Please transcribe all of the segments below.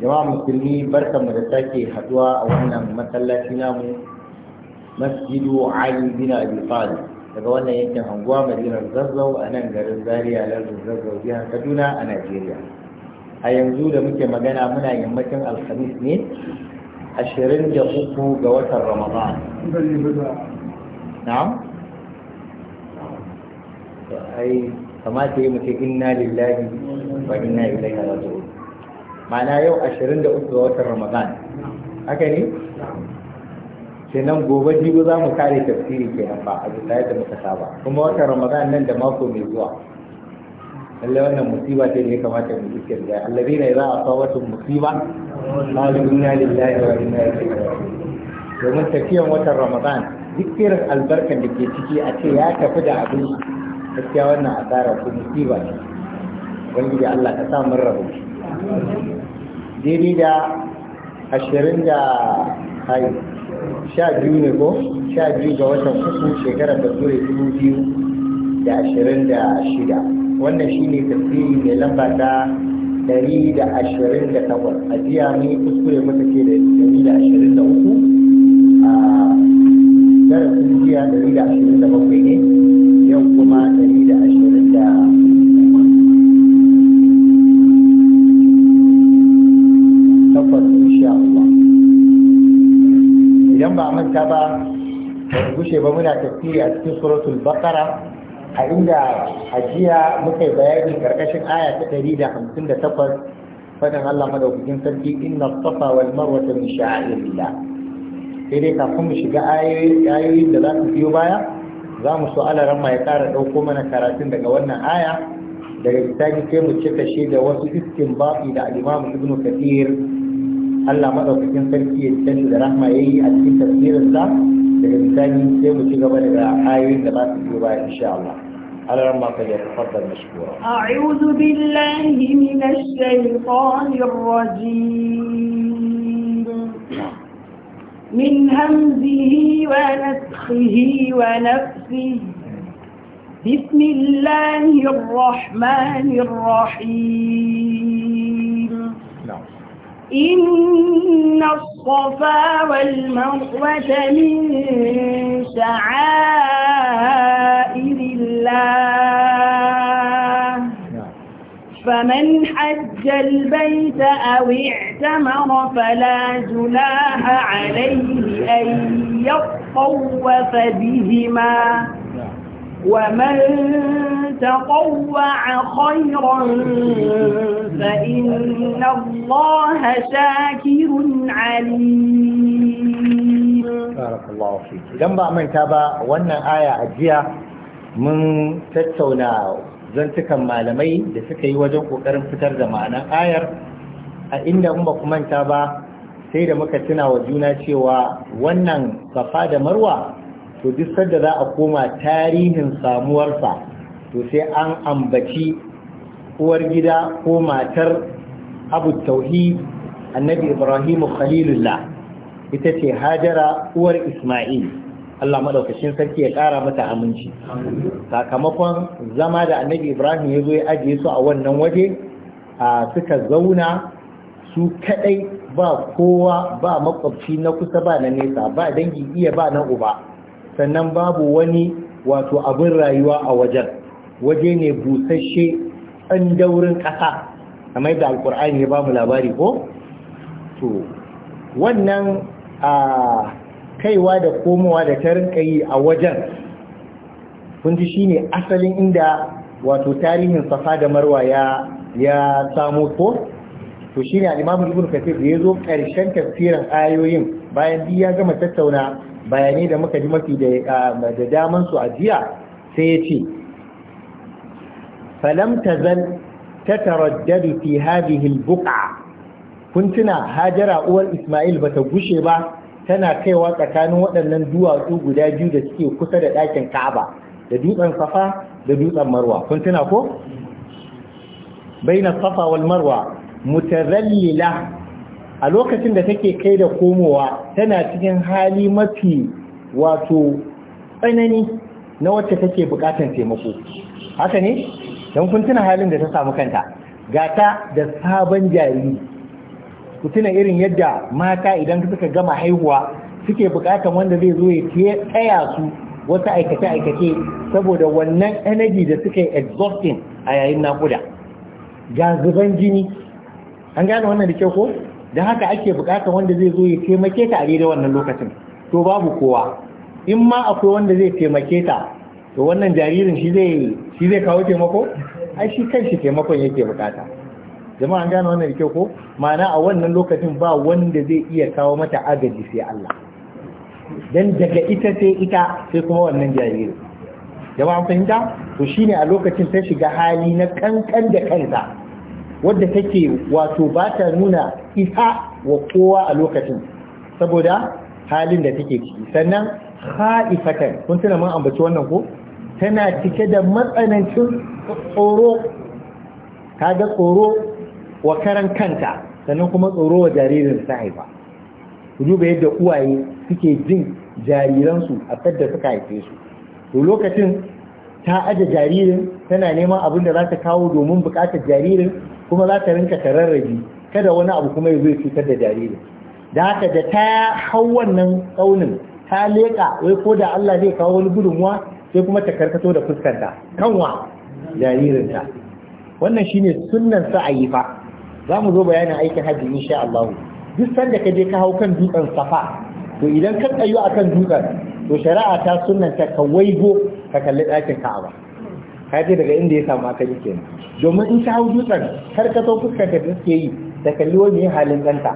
jama'a musulmi mu da sake haduwa a wannan masallaci namu masjidu ali bin abi talib daga wannan yankin anguwa madinar zazzau a nan garin zaria lardin zazzau jihar kaduna a najeriya a yanzu da muke magana muna yammacin alhamis ne ashirin da uku ga watan ramadan na'am ai kamata yi inna lillahi wa inna ilaihi raji'un ma'ana yau 23 ga watan ramadan haka ne kenan gobe jibi za mu kare tafsiri kenan ba a bisa yadda muka saba kuma watan ramadan nan da mako mai zuwa lallai wannan musiba ce da ya kamata mu yi kirga a idza asawatu musiba qalu ya lillahi wa inna ilaihi raji'un domin tafiyan watan ramadan duk irin albarkan da ke ciki a ce ya tafi da abin gaskiya wannan asara ko musiba ne Wani da Allah ka sa mun rabu daidai da ashirin da hai sha biyu ne ko sha biyu ga watan kusur shekarar da dubu biyu da ashirin da shida wannan shi ne tafsiri mai lamba ta dari da ashirin da takwas a jiya ne kuskure mata ke da dari da ashirin da uku a darasin jiya dari da ashirin da bakwai ne gushe ba muna tafsiri a cikin suratul baqara a inda ajiya muka yi bayani karkashin aya ta ɗari da hamsin da takwas faɗin Allah madaukakin sarki inna safa wal marwa min sha'airillah sai dai kafin mu shiga ayoyin da za ku biyo baya za mu so alaran ma ya ƙara ɗauko mana karatun daga wannan aya daga bisani sai mu cika shi da wasu iskin baki da al'imamu ibnu kathir Allah madaukakin sarki ya tashi da rahma yayi a cikin tafsirinsa daga bisani sai mu ci gaba daga ayoyin da za su biyo baya insha Allah على ما فليتفضل مشكورا أعوذ بالله من الشيطان الرجيم من همزه ونفخه ونفسه بسم الله الرحمن الرحيم إن الصفا والمروة من شعائر الله فمن حج البيت أو اعتمر فلا جناح عليه أن يطوف بهما ومن تطوع خيرا فإن الله شاكر عليم بارك الله فيك idan ba manta ba wannan aya a jiya mun tattauna zantukan malamai da suka yi wajen kokarin fitar da ma'anar ayar a inda in ba ku manta ba sai da muka tuna wa juna cewa wannan safa da marwa to duk sadda za a koma tarihin samuwarsa to sai an ambaci uwar gida ko matar abu tauhi annabi ibrahimu khalilullah ita ce hajara uwar isma'il Allah madaukakin sarki ya ƙara mata aminci sakamakon zama da annabi ibrahim ya zo ya ajiye su a wannan waje a suka zauna su kadai ba kowa ba makwabci na kusa ba na nesa ba dangi iya ba na uba sannan babu wani wato abin rayuwa a wajen waje ne busasshe ɗan daurin ƙasa mai da alkur'ani ya ba mu labari ko to wannan a kaiwa da komowa da ta rinka a wajen kun ji ne asalin inda wato tarihin safa da marwa ya ya samu ko to shi ne imam Ibn Kathir da zo ƙarshen tafsirin ayoyin bayan bi ya gama tattauna bayanai da muka ji mafi da damansu a jiya sai ya ce falam tazal tataraddadu fi hadhihi hajara uwar isma'il bata bushe ba tana kaiwa tsakanin waɗannan duwatsu guda biyu da suke kusa da ɗakin ka'aba da dutsen safa da dutsen marwa kun ko baina safa wal marwa mutazallila a lokacin da take kai da komowa tana cikin hali mafi wato tsanani na wacce take bukatan taimako haka ne don kun tuna halin da ta samu kanta gata da sabon jariri ku tuna irin yadda mata idan suka gama haihuwa suke bukatan wanda zai zo ya tsaya su wasu aikace-aikace saboda wannan energy da suka yi exhausting a yayin nakuda ga zuban jini an gane wannan da ke ko da haka ake bukatan wanda zai zo ya taimake ta a daidai wannan lokacin to babu kowa in ma akwai wanda zai taimake ta to wannan jaririn shi zai shi zai kawo taimako ai shi kan shi taimakon yake bukata jama'a an gane wannan kyau ko ma'ana a wannan lokacin ba wanda zai iya kawo mata agaji sai Allah dan daga ita sai ita sai kuma wannan jariri jama'a fahimta to shine a lokacin ta shiga hali na kankan da kanta wadda take wato ba ta nuna isa wa kowa a lokacin saboda halin da take ciki sannan ha'ifatan kun tuna mun ambaci wannan ko tana cike da matsanancin tsoro kaga tsoro wa karan kanta sannan kuma tsoro wa jaririn ta haifa duba yadda uwaye suke jin jariransu a sadda suka haife su to lokacin ta aje jaririn tana neman abin da za ta kawo domin bukatar jaririn kuma za ta rinka tararraji kada wani abu kuma ya ya cutar da jaririn da haka da ta hau wannan tsaunin ta leƙa wai ko da Allah zai kawo wani gudunmuwa sai kuma ta karkato da fuskanta kanwa jaririnta wannan shine sunnan sa a yi fa za mu zo bayanin aikin hajji insha Allah duk sanda ka je ka hau kan dutsen safa to idan ka tsayu akan dutsen to shari'a ta ta ka waigo ka kalli ɗakin ka'aba ka je daga inda ya samu aka yi kenan domin in ka hau dutsen karkato fuskanta da suke yi da kalli wani halin ɗanta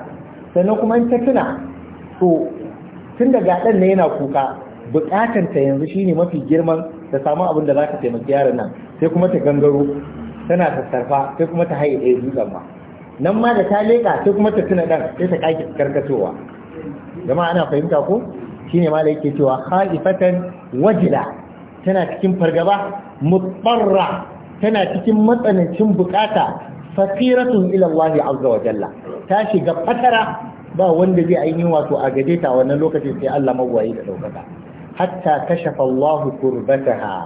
sannan kuma in ta tuna to tun daga ɗan ne yana kuka bukatan ta yanzu shine mafi girman ta samu abin da za ka taimaki yaron nan sai kuma ta gangaro tana sassarfa sai kuma ta haye ɗaya dutsen ma nan ma da ta leƙa sai kuma ta tuna ɗan sai ta ƙaƙi karkatowa jama'a ana fahimta ko shine ma da yake cewa khalifatan wajila tana cikin fargaba mutsarra tana cikin matsanancin bukata fasiratun ila Allah azza wa jalla ta shiga fatara ba wanda zai ainihin wato a gade ta wannan lokacin sai Allah mawaye da daukaka hatta kashafa Allah kurbataha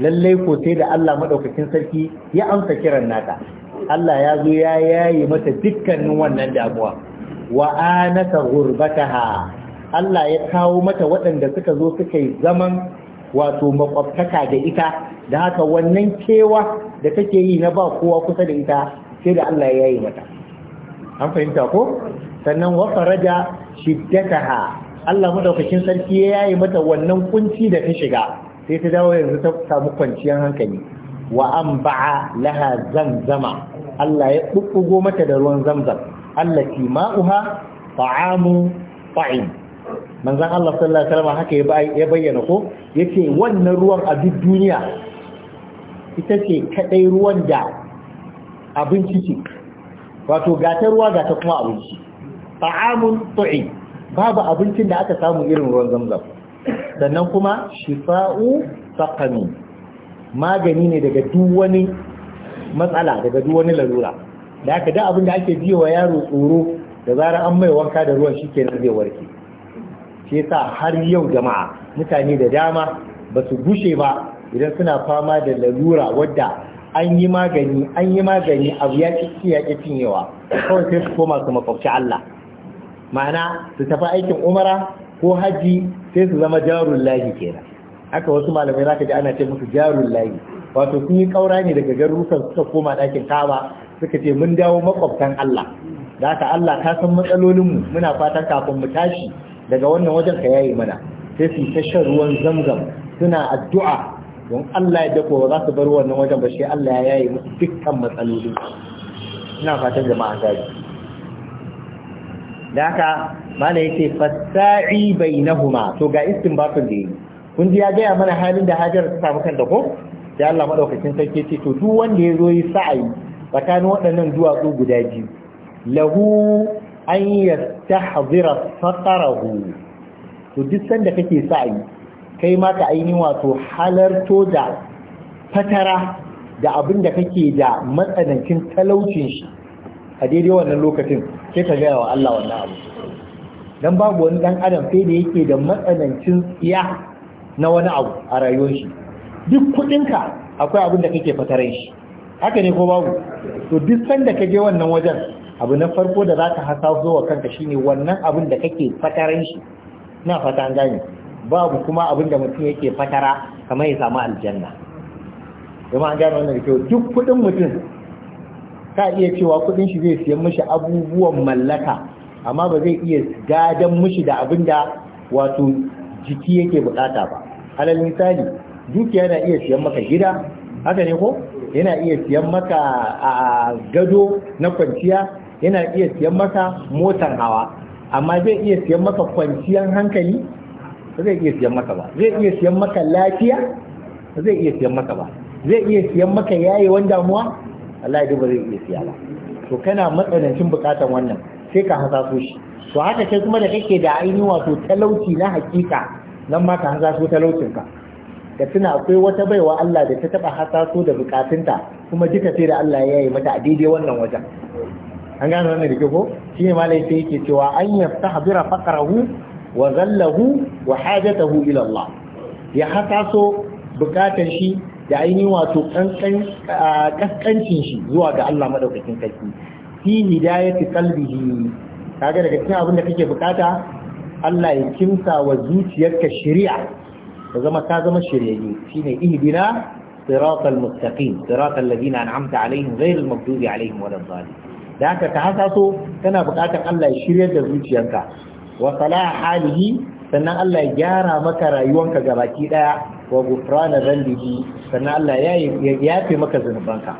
lallai ko sai da Allah madaukakin sarki ya amsa kiran nata Allah ya zo ya yayi mata dukkanin wannan damuwa wa anaka gurbataha Allah ya kawo mata waɗanda suka zo suka yi zaman wato makwabtaka da ita da haka wannan kewa da take yi na ba kowa kusa da ita sai da Allah ya yi mata an fahimta ko sannan wa faraja shiddataha Allah madaukakin sarki ya yi mata wannan kunci da ta shiga sai ta dawo yanzu ta samu kwanciyar hankali wa an ba'a laha zamzama Allah ya bubbugo mata da ruwan zamzam ki ma'uha ta'amu fa'in manzon Allah sallallahu alaihi wasallam haka ya bayyana ko yace wannan ruwan a duk duniya ita ce kadai ruwan da abinci ce wato gata ruwa gata kuma abinci ta'amun ta'im babu abincin da aka samu irin ruwan zamzam sannan kuma shifa'u saqami magani ne daga duk wani matsala daga duk wani larura da aka da abin da ake biyo wa yaro tsoro da zarar an mai wanka da ruwan shi shikenan zai warke shi yasa har yau jama'a mutane da dama ba su gushe ba idan suna fama da lalura wadda an yi magani an yi magani abu ya ƙi ya ci cinyewa kawai sai su koma su makwabci Allah ma'ana su tafi aikin umara ko Hajji sai su zama jarun layi kenan haka wasu malamai zaka ji ana ce musu jarun layi wato sun yi kaura ne daga garurukan suka koma ɗakin kaba suka ce mun dawo makwabtan Allah da haka Allah ka san matsalolinmu muna fatan kafin mu tashi daga wannan wajen ka yayi mana sai su ta shan ruwan zamzam suna addu'a don Allah ya dako ba za su bar wannan wajen ba shi Allah ya yayi musu dukkan matsalolin ina fatan jama'a gari da haka mana yace fasa'i bainahuma to ga istinbatun da yi kun ji ya gaya mana halin da hajar ta samu kanta ko sai Allah madaukakin sarki ce to duk wanda ya zo yi sa'ayi tsakanin waɗannan duwatsu guda biyu lahu an yastahzira satarahu to duk sanda kake sa'ayi kai ma ka ainihin wato halarto da fatara da abin da kake da matsanancin talaucin shi a daidai wannan lokacin sai ka gaya wa Allah wannan abu dan babu wani dan adam sai da yake da matsanancin tsiya na wani abu a rayuwar shi duk kudinka akwai abin da kake fatarai shi haka ne ko babu to duk sanda ka je wannan wajen abu na farko da za ka hasaso wa kanka shine wannan abin da kake fatarai shi na fata an gane babu kuma abin da mutum yake fatara kamar ya samu aljanna kuma an gane wannan da kyau duk kudin mutum ka iya cewa kudin shi zai siyan mishi abubuwan mallaka amma ba zai iya gadan mishi da abin da wato jiki yake bukata ba alal misali dukiya na iya siyan maka gida haka ne ko yana iya siyan maka a gado na kwanciya yana iya siyan maka motar hawa amma zai iya siyan maka kwanciyar hankali zai iya siyan maka ba zai iya siyan maka lafiya zai iya siyan maka ba zai iya siyan maka wanda damuwa Allah ya ba zai iya siya ba to kana matsanancin bukatan wannan sai ka hasaso shi to haka kai kuma da kake da ainihin wato talauci na hakika nan ma ka hasaso talaucin ka ka tuna akwai wata baiwa Allah da ta taba hasaso da bukatunta kuma duka sai da Allah ya yi mata a daidai wannan wajen an gane wannan da ko shi ne malai sai yake cewa an yastahbira faqrahu wa zallahu wa hajatahu ila Allah ya hasaso bukatan shi da ainihin wato kaskancin shi zuwa ga Allah madaukakin sarki fi hidayati qalbihi kaga daga cikin abin da kake bukata Allah ya kimsa wa zuciyarka shari'a Ta zama ka zama shiryayye shine ihdina siratal mustaqim siratal ladina an'amta alaihim ghayril maghdubi alaihim waladdallin da haka ka hasaso kana bukatar Allah ya shiryar da zuciyarka wa salaha halihi sannan Allah ya gyara maka rayuwanka gabaki daya wa gufrana dhanbihi sannan Allah ya yafe maka zunubanka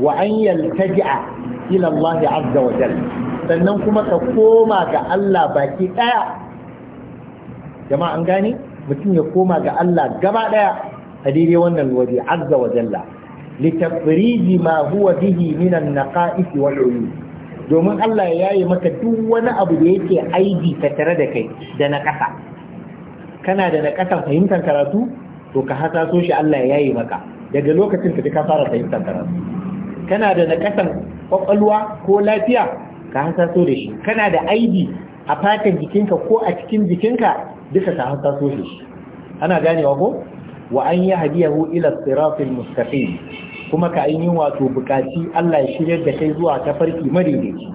wa an yaltaji'a ila Allah azza wa jalla sannan kuma ka koma ga Allah baki daya jama'a an gane mutum ya koma ga Allah gaba daya a daidai wannan waje azza wa jalla litafriji ma huwa bihi minan naqa'is wal uyub domin Allah ya yaye maka duk wani abu da yake aibi tattare da kai da na ƙasa kana da na ƙasan fahimtar karatu to ka hasaso shi Allah ya yaye maka daga lokacin ka ka fara fahimtar karatu kana da na ƙasan kwakwalwa ko lafiya ka hasaso da shi kana da aibi a fatan jikinka ko a cikin jikinka duka ka hasaso shi ana ganewa ko wa an yahdiyahu ila siratil mustaqim kuma ka ainihin wato bukaci Allah ya shiryar da kai zuwa ta farki madaidaici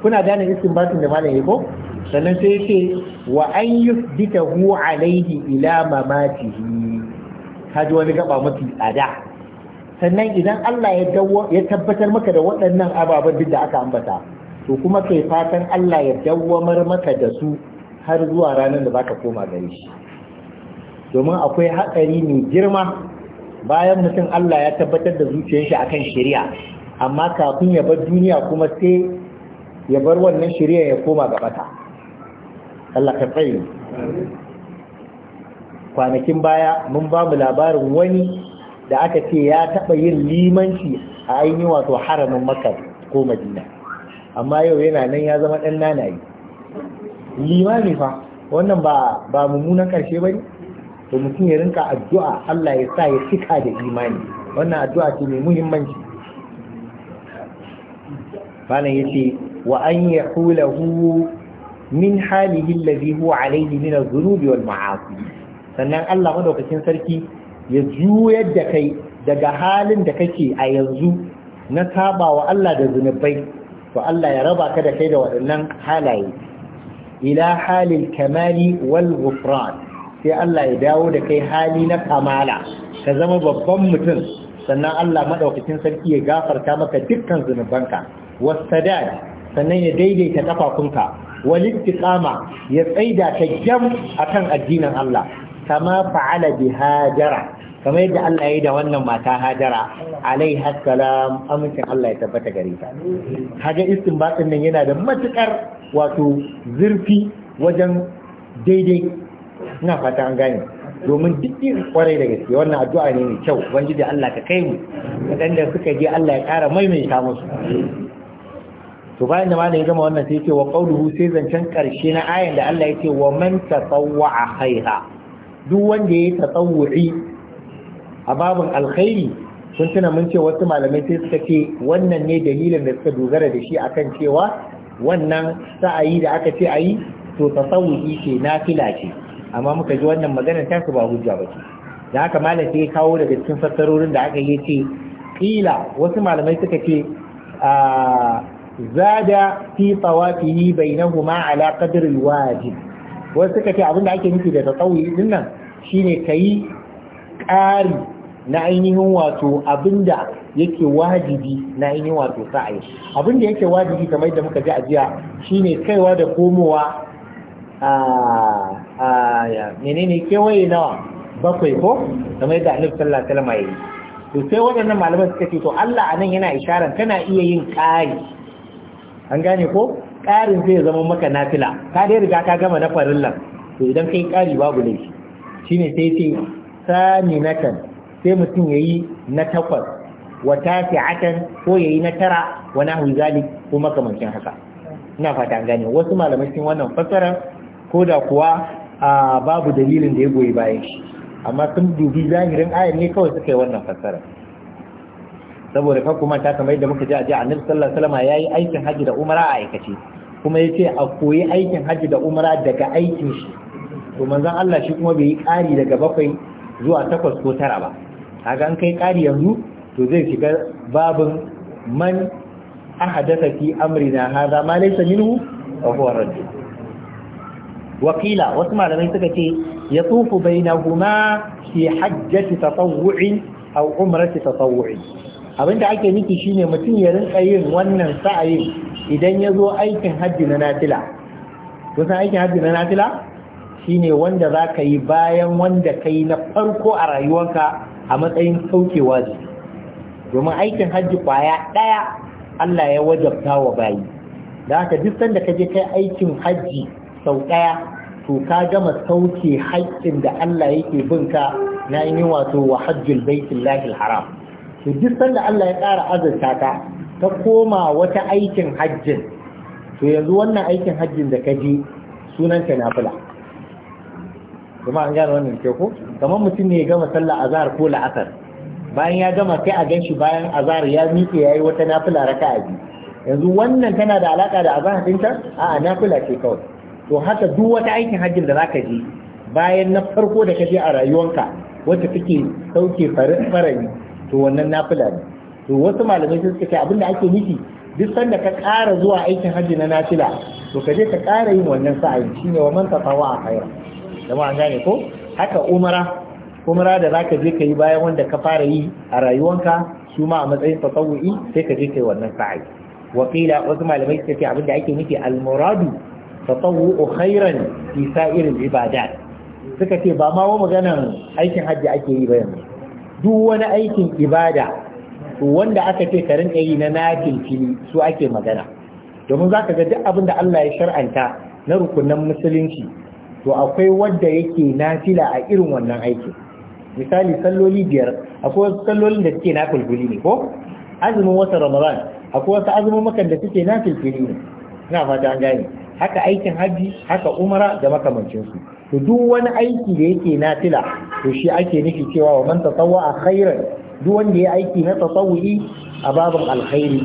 kuna gane batun da malam ko sannan sai ce wa an yi hu alaihi ila mamatihi ji wani gaba mafi tsada sannan idan Allah ya tabbatar maka da waɗannan ababen duk da aka ambata to kuma kai fatan Allah ya dawwamar maka da su har zuwa ranar da baka koma gare shi domin akwai hatsari mai girma bayan mutum Allah ya tabbatar da zuciyar shi akan shari'a amma kafin ya bar duniya kuma sai ya bar wannan shari'a ya koma ga bata Allah ka tsaye kwanakin baya mun ba mu labarin wani da aka ce ya taɓa yin limanci a ainihin wato haramin makar ko madina amma yau yana nan ya zama ɗan nanayi limami fa wannan ba ba mummunan ƙarshe bane da mutum ya rinka addu'a Allah ya sa ya cika da imani wannan addu'a ce mai muhimmanci malam ce, wa an yahulahu min halihi alladhi huwa alayhi min adh-dhunubi wal ma'asi sannan Allah madaukakin sarki ya juyar da kai daga halin da kake a yanzu na saba wa Allah da zunubai to Allah ya raba ka da kai da waɗannan halaye ila halil kamali wal ghufran sai Allah ya dawo da kai hali na kamala ka zama babban mutum sannan Allah madaukakin sarki ya gafarta maka dukkan zunubanka wasadad sannan ya daidaita kafafunka walittiqama ya tsaida ta jam akan addinin Allah kama fa'ala bi hajara kamar yadda Allah ya yi da wannan mata hajara alaiha salam amincin Allah ya tabbata gare ta kaga istinbatin nan yana da matukar wato zurfi wajen daidai ina fata an gane domin duk irin kwarai da gaske wannan addu'a ne mai kyau da Allah ka kai mu waɗanda suka je Allah ya ƙara maimaita musu to bayan da malamin gama wannan sai ce wa qauluhu sai zancen karshe na ayan da Allah yake wa man tatawwa'a khaira duk wanda yayi tasawwuri a babin alkhairi kun tuna mun ce wasu malamai sai suka ce wannan ne dalilin da suka dogara da shi akan cewa wannan sa'ayi da aka ce ayi to tasawwuri ce nafila ce amma muka ji wannan maganar ta ba hujja ba ce da haka malam sai ya kawo daga cikin fassarorin da aka yi ce kila wasu malamai suka ce a zada fi tawafihi bainahuma ala qadri alwajib wasu suka ce abinda ake nufi da tsawi din nan shine kai ƙari na ainihin wato abinda yake wajibi na ainihin wato sa'ayi abinda yake wajibi kamar da muka ji a jiya shine kaiwa da komowa Ah, ah, a menene kewaye nawa bakwai ko kamar yadda annabi sallallahu alaihi wasallam to sai waɗannan malaman suka ce to Allah anan yana isharar kana iya yin ƙari an gane ko ƙarin zai zama maka nafila ka dai riga ka gama na farillan to idan kai ƙari babu laifi shine sai ce can sai mutum yayi na takwas wa tasi'atan ko yayi na tara wa nahwi ko makamancin haka ina fata an gane wasu malamai sun wannan fassara ko da kuwa babu dalilin da ya goyi bayan shi amma sun dubi zahirin ayar ne kawai suka yi wannan fassara saboda ka kuma ta kamar yadda muka ji a ji annabi sallallahu alaihi wasallam yayi aikin haji da umara a aikace kuma yace a koyi aikin haji da umara daga aikin shi to manzon Allah shi kuma bai yi ƙari daga bakwai zuwa takwas ko tara ba kaga an kai ƙari yanzu to zai shiga babin man ahadatha fi amrina hadha ma laysa minhu fa huwa rajul wakila wasu malamai suka ce ya tsufu bainahuma fi hajjati tatawwu'in aw umrati tatawwu'in abinda ake nufi shine mutum ya rinka yin wannan sa'ayin idan ya zo aikin hajji na nafila kusan aikin hajji na nafila shine wanda za ka yi bayan wanda ka yi na farko a rayuwanka a matsayin saukewa ne domin aikin hajji kwaya ɗaya Allah ya wajabta wa bayi da haka duk sanda ka je kai aikin hajji sau ɗaya to ka gama sauke haƙƙin da Allah yake bin ka na yi wato wa hajjul baitin lahil haram to duk sanda Allah ya ƙara azurta ta, ta koma wata aikin hajjin to yanzu wannan aikin hajjin da ka je sunanta nafila kuma an gane wannan ke ko kamar mutum ne ya gama sallah azhar ko la'asar bayan ya gama sai a gan shi bayan azhar ya miƙe yi wata nafila raka'a biyu yanzu wannan tana da alaƙa da azhar ɗinta a'a nafila ce kawai to haka duk wata aikin hajjin da zaka je bayan na farko da kaje a rayuwanka wacce take sauke farari to wannan nafila ne to wasu malamai sun suka ce abinda ake nufi duk sanda ka ƙara zuwa aikin hajji na nafila to kaje ka ƙara yin wannan sa'ayi shine wa man tafawa a khaira jama'a gane ko haka umara umara da zaka je ka bayan wanda ka fara yi a rayuwanka su ma a matsayin tasawu'i sai ka je kai wannan sa'ayi wakila wasu malamai suka ce abinda ake nufi almuradu tatawwu khairan fi sa'iril ibadat suka ce ba ma wa maganan aikin hajji ake yi ba yanzu duk wani aikin ibada wanda aka ce karin rinka yi na nafil fili su ake magana domin za ka ga duk abin da Allah ya shar'anta na rukunan musulunci to akwai wanda yake nafila a irin wannan aikin misali salloli biyar akwai wasu sallolin da suke nafilfili ne ko azumin watan ramadan akwai wasu azumin makan da suke nafilfili ne ina fata an gane haka aikin hajji haka umara da makamancinsu to duk wani aiki da yake nafila to shi ake nufi cewa wa man tatawwa khairan duk wanda ya aiki na tasawu'i a babin alkhairi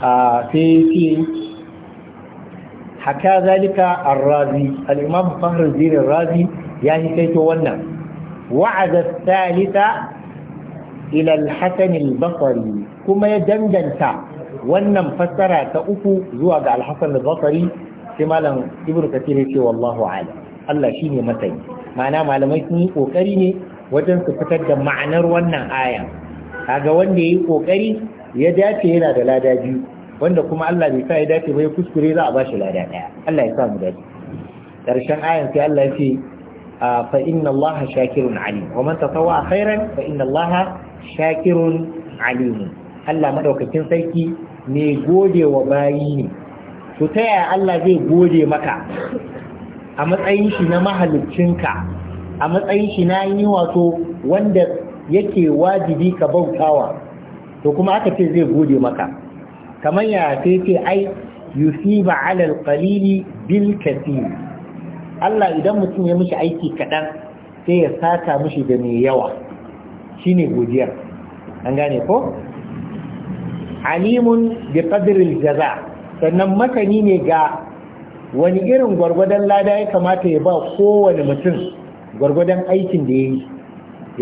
a sai ce haka zalika razi al-imam fakhruddin ar-razi ya yi kaito wannan wa'ada thalitha ila al-hasan al-basri kuma ya danganta wannan fassara ta uku zuwa ga alhassan al-basri sai malam ibru kathir ya ce wallahu a'lam Allah ne masani ma'ana malamai sun yi kokari ne wajen su fitar da ma'anar wannan aya kaga wanda yayi kokari ya dace yana da lada biyu wanda kuma Allah bai sa ya dace ba ya kuskure za a ba shi lada ɗaya. Allah ya sa mu dace karshen ayan sai Allah ya ce fa inna Allah shakirun alim wa man tatawa khairan fa inna Allah shakirun alim Allah madaukakin sarki mai gode wa bayi ne to ta yaya Allah zai gode maka a matsayin shi na ka? a matsayin shi na yi wato wanda yake wajibi ka bautawa to kuma aka ce zai gode maka kamar ya sai ce ai yusiba alal qalili bil kathir Allah idan mutum ya mishi aiki kaɗan sai ya saka mishi da mai yawa shine godiyar an gane ko alimun bi qadril jaza sannan makani ne ga wani irin gwargwadon lada ya kamata ya ba kowane mutum gwargwadon aikin da ya yi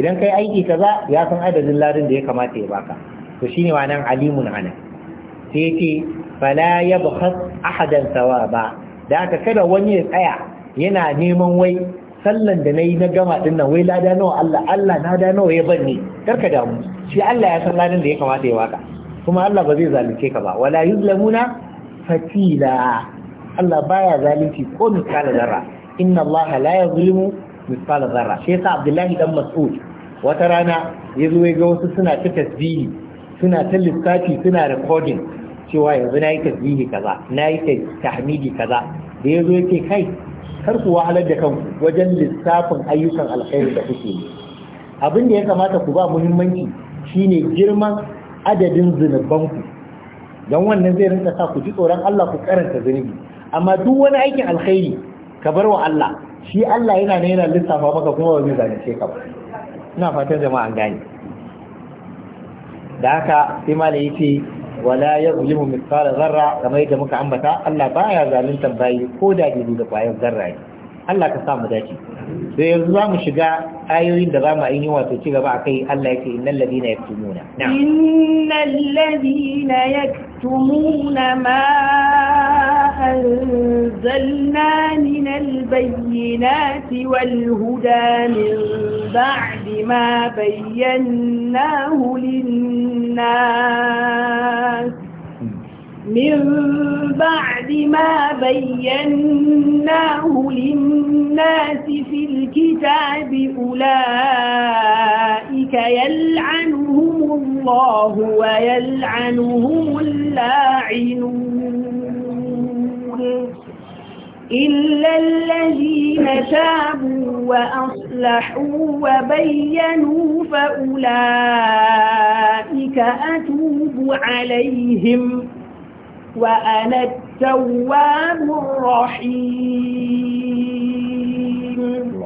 idan kai aiki kaza ya san adadin ladin da ya kamata ya baka to shine ma'anar alimun ana sai yace fala yabhas ahadan thawaba da aka kada wani ya tsaya yana neman wai sallan da nayi na gama din nan wai lada nawa Allah Allah na da nawa ya banni karka damu shi Allah ya san ladin da ya kamata ya baka kuma Allah ba zai zalunce ka ba wala yuzlamuna fatila Allah baya zalunci ko misala zarra inna Allah la yuzlimu misala zarra shi Abdullahi dan Mas'ud wata rana ya zo ya ga wasu suna ta tasbihi suna ta lissafi suna recording cewa yanzu nayi yi tasbihi kaza na yi tahmidi kaza da ya zo ya ce kai kar ku wahalar da kanku wajen lissafin ayyukan alkhairi da kuke yi abin da ya kamata ku ba muhimmanci shine girman adadin zunubanku don wannan zai rinka sa ku ji tsoron Allah ku karanta zunubi amma duk wani aikin alkhairi ka bar wa Allah shi Allah yana ne yana lissafa maka kuma ba zai zalunce ka ba ina fatan jama'a an gane da haka sai malai yace wala yazlimu mithqala zarra kamar yadda muka ambata Allah baya zalunta bayi ko da dubu da kwayar zarra Allah ka samu mu dace sai yanzu za mu shiga ayoyin da za mu ainihin wato ci gaba akai Allah yake innal ladina yaktumuna innal ladina yaktumuna ma anzalna minal bayyinati wal huda min ba'di ma bayyanahu lin nas من بعد ما بيناه للناس في الكتاب أولئك يلعنهم الله ويلعنهم اللاعنون إلا الذين تابوا وأصلحوا وبينوا فأولئك أتوب عليهم وأنا التواب الرحيم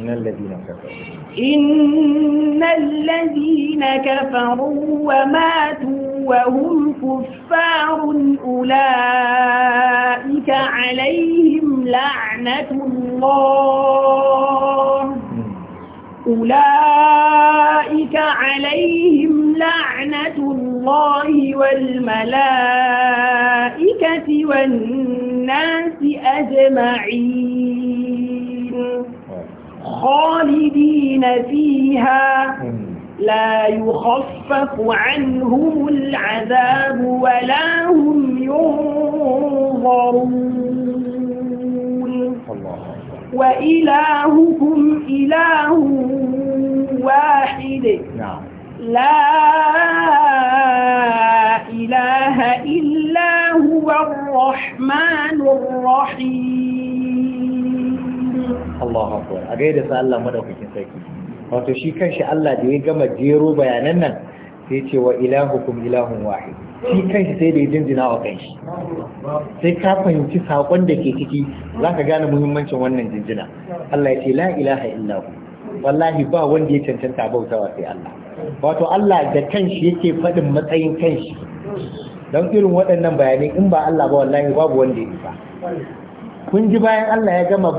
إن الذين كفروا إن الذين كفروا وماتوا وهم كفار أولئك عليهم لعنة الله أولئك عليهم لعنة الله والملائكة والناس أجمعين خالدين فيها لا يخفف عنهم العذاب ولا هم ينظرون الله وإلهكم إله واحد نعم لا إله إلا هو الرحمن الرحيم الله أكبر أجيد سألة مدى في كنساكي wato shi kanshi Allah da ya gama jero bayanan nan sai ce wa ilahun wahid shi kanshi sai da ya jinjina wa kanshi sai ka fahimci saƙon da ke ciki za ka gane muhimmancin wannan jinjina Allah ya ce la ilaha illahu wallahi ba wanda ya cancanta bautawa sai Allah wato Allah da kanshi yake faɗin matsayin kanshi don irin waɗannan bayanai in ba Allah ba wallahi babu wanda ya isa kun ji bayan Allah ya gama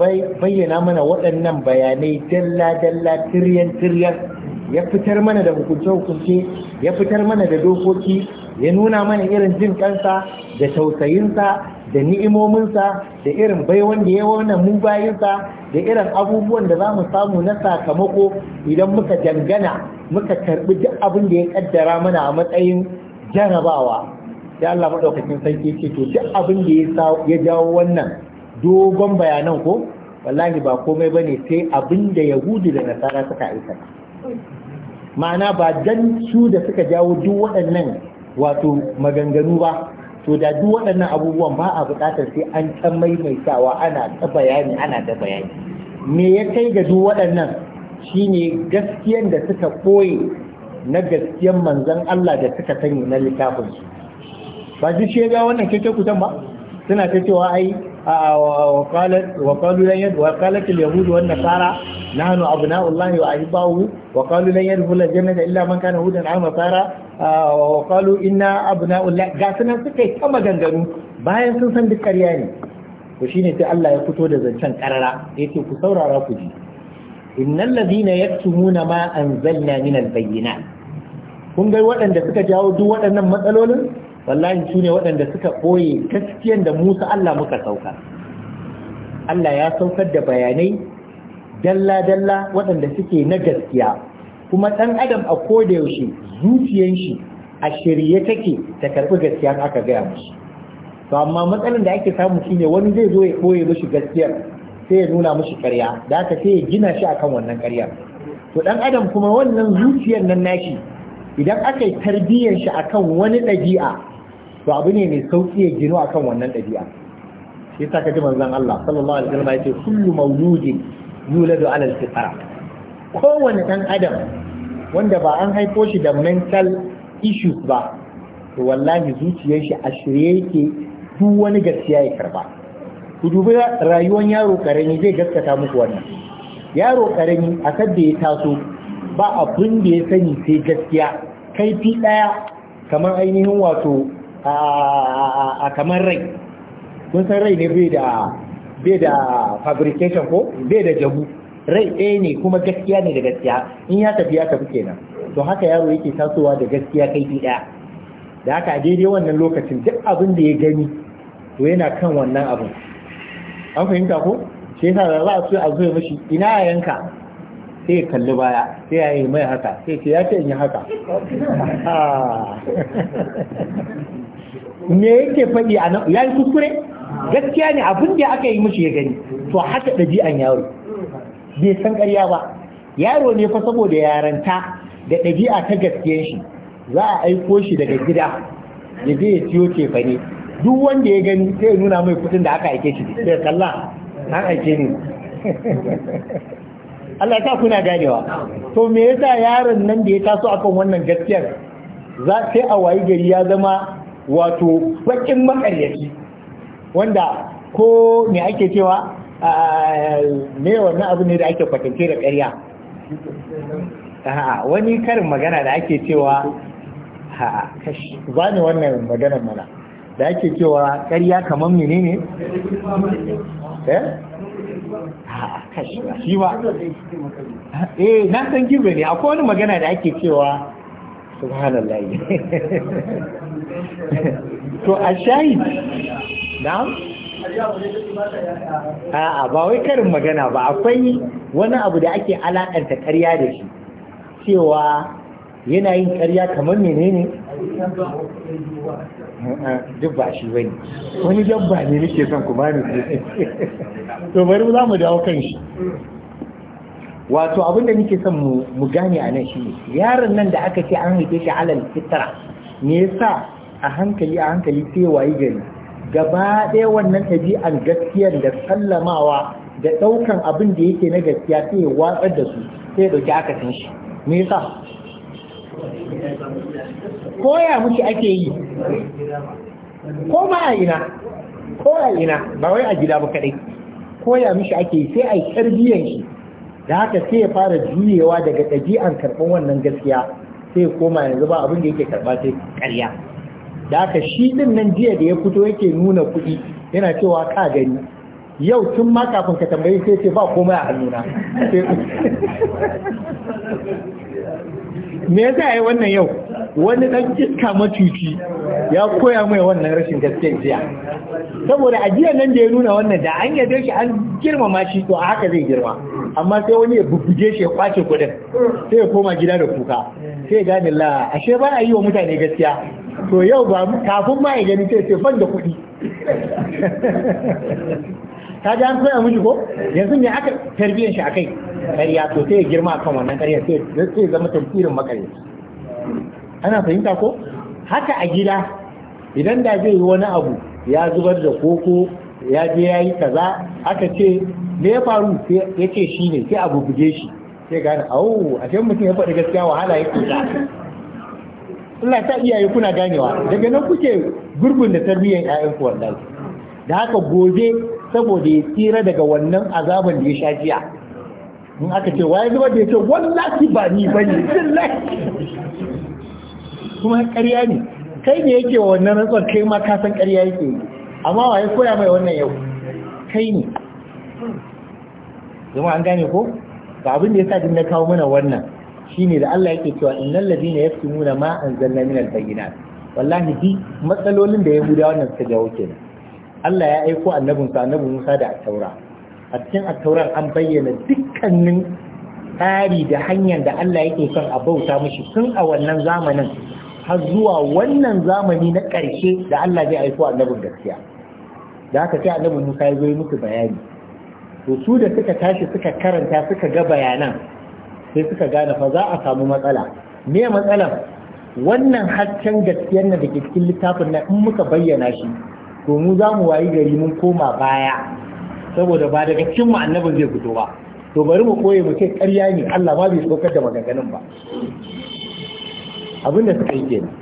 bayyana mana waɗannan bayanai dalla dalla tiryan tiryan ya fitar mana da hukunce-hukunce ya fitar mana da dokoki ya nuna mana irin jin kansa da tausayinsa da ni'imominsa da irin baiwan da ya wani mu bayinsa da irin abubuwan da za mu samu na sakamako idan muka dangana muka karbi duk abin da ya kaddara mana a matsayin jarabawa da Allah maɗaukakin sarki ce to duk abin da ya jawo wannan dogon bayanan ko wallahi ba komai bane sai abin da yahudu da nasara suka aikata ma'ana ba dan su da suka jawo duk waɗannan wato maganganu ba to da duk waɗannan abubuwan ba a buƙatar sai an ta maimaitawa ana ta bayani ana ta bayani me ya kai ga duk waɗannan shine gaskiyan da suka koye na gaskiyan manzon Allah da suka sani na littafinsu ba duk ga wannan kake ba suna ta cewa ai وقالوا لن يدخل وقالت اليهود والنصارى نحن ابناء الله واحباؤه وقالوا لن يدخل الجنه الا من كان هودا او نصارى وقالوا انا ابناء الله غاسنا suka ta maganganu bayan sun san duk ƙarya ne to shine sai Allah ya fito da zancen karara yace ku saurara ku ji innal ladina yaktumuna ma anzalna min albayyinat kun ga waɗanda suka jawo duk waɗannan matsalolin wallahi su ne waɗanda suka ɓoye gaskiyan da musa Allah muka sauka Allah ya saukar da bayanai dalla-dalla waɗanda suke na gaskiya kuma ɗan adam a koda yaushe zuciyan shi a shirye take ta karɓi gaskiya aka gaya musu to amma matsalar da ake samu shine wani zai zo ya ɓoye mishi gaskiyar sai ya nuna mishi ƙarya da aka sai ya gina shi akan wannan ƙarya. to ɗan adam kuma wannan zuciyar nan nashi idan aka yi tarbiyyar shi akan wani ɗabi'a to abu ne mai sauki ya gino akan wannan ɗabi'a shi yasa ka ji manzon Allah sallallahu alaihi wasallam yace kullu mawludin yuladu ala al-fitra kowane dan adam wanda ba an haifo shi da mental issues ba to wallahi zuciyar shi a shirye yake duk wani gaskiya ya karba ku dubi rayuwar yaro karami zai gaskata muku wannan yaro karami a kan da ya taso ba abin da ya sani sai gaskiya kaifi daya kamar ainihin wato a kamar rai kun san rai ne bai da fabrication ko bai da jabu rai ɗaya ne kuma gaskiya ne da gaskiya in ya tafi ya tafi kenan to haka yaro yake tasowa da gaskiya kai ɗaya da haka a daidai wannan lokacin duk abin da ya gani to yana kan wannan abin an fahimta ko shi yasa da za a so a zo mashi ina yanka sai ya kalli baya sai ya yi mai haka sai ya ce in yi haka ah. me yake faɗi a nan ya yi kuskure gaskiya ne abin da aka yi mishi ya gani to haka ɗabi'an yaro bai san ƙarya ba yaro ne fa saboda yaranta da ɗabi'a ta gaskiya shi za a aiko shi daga gida ya je ya siyo cefa duk wanda ya gani sai ya nuna mai kuɗin da aka aike shi sai kalla an aike ni Allah ya kuna ganewa to me yasa yaron nan da ya taso akan wannan gaskiyar za sai a wayi gari ya zama wato bakin makaryaci wanda ko me ake cewa ne wannan abu ne da ake kwatance da ƙarya wani karin magana da ake cewa ba ni wannan maganar mana da ake cewa ƙarya kamar mini ne? Eh? shi ba eh na san gizo ne akwai wani magana da ake cewa subhanallah to a shahid na'am a'a ba wai karin magana ba akwai wani abu da ake alakanta ƙarya da shi cewa yana yin ƙarya kamar menene duk ba shi bane wani dubba ne nake son ku bani to bari za mu dawo kan shi wato abin da nake son mu gane a nan shi yaron nan da aka ce an haife shi alal fitra me yasa a hankali a hankali sai wayi gari gaba ɗaya wannan ɗabi'ar gaskiyar da sallamawa da ɗaukan abin da yake na gaskiya sai ya watsar da su sai ya ɗauki akasin shi me yasa koya mushi ake yi ko ma a ina ko a ina ba wai a gida ba kaɗai koya mushi ake yi sai a yi tarbiyyar shi da haka sai ya fara juyewa daga ɗabi'ar karɓar wannan gaskiya sai ya koma yanzu ba abin da yake karɓa sai ƙarya da aka shi din nan jiya da ya fito yake nuna kuɗi yana cewa ka gani yau tun ma kafin ka tambayi sai ce ba komai a hannuna me yasa yi wannan yau wani dan iska matuci ya koya mai wannan rashin gaskiyar jiya saboda a jiya nan da ya nuna wannan da an yarda shi an girmama shi to a haka zai girma amma sai wani ya bubuge shi ya kwace kudin sai ya koma gida da kuka sai ya gane la ashe ba a yi wa mutane gaskiya to yau ba kafin ma ya gani sai sai ban da kuɗi ka ji an koya miji ko yanzu ne aka tarbiyyar shi akai ƙarya to sai ya girma akan wannan ƙarya sai sai zama tafsirin makarya ana fahimta ko haka a gida idan da zai yi wani abu ya zubar da koko ya je ya yi kaza aka ce me ya faru ya ce shi ne sai abu buge shi sai gane au a mutum ya faɗi gaskiya wahala ya Allah ta iyaye kuna ganewa daga nan kuke gurbin da tarbiyyar ƴaƴan ku wallahi da haka gobe saboda ya tsira daga wannan azaban da ya sha jiya in aka ce waye zuba da ya ce wallahi ba ni bane billahi kuma ƙarya ne kai ne yake wa wannan rantsuwar kai ma ka san ƙarya yake amma waye koya mai wannan yau kai ne Zama an gane ko ba abin da sa din na kawo mana wannan shine da Allah yake cewa innal ladina yaktumuna ma anzalna min albayinat wallahi bi matsalolin da yahuda wannan suka jawo kenan Allah ya aiko sa annabi Musa da at-taura a cikin at an bayyana dukkanin tsari da hanyar da Allah yake son a bauta mishi tun a wannan zamanin har zuwa wannan zamani na ƙarshe da Allah zai aiko annabin gaskiya da aka ce annabi Musa ya zo yi musu bayani to su da suka tashi suka karanta suka ga bayanan sai suka gane fa za a samu matsala me matsalar wannan hasken gaskiyar na da ke cikin littafin nan in muka bayyana shi to mu za mu wayi gari mun koma baya saboda ba daga cikin mu annabin zai fito ba to bari mu koye mu ce ƙarya ne Allah ma bai saukar da maganganun ba abin da suka yi kenan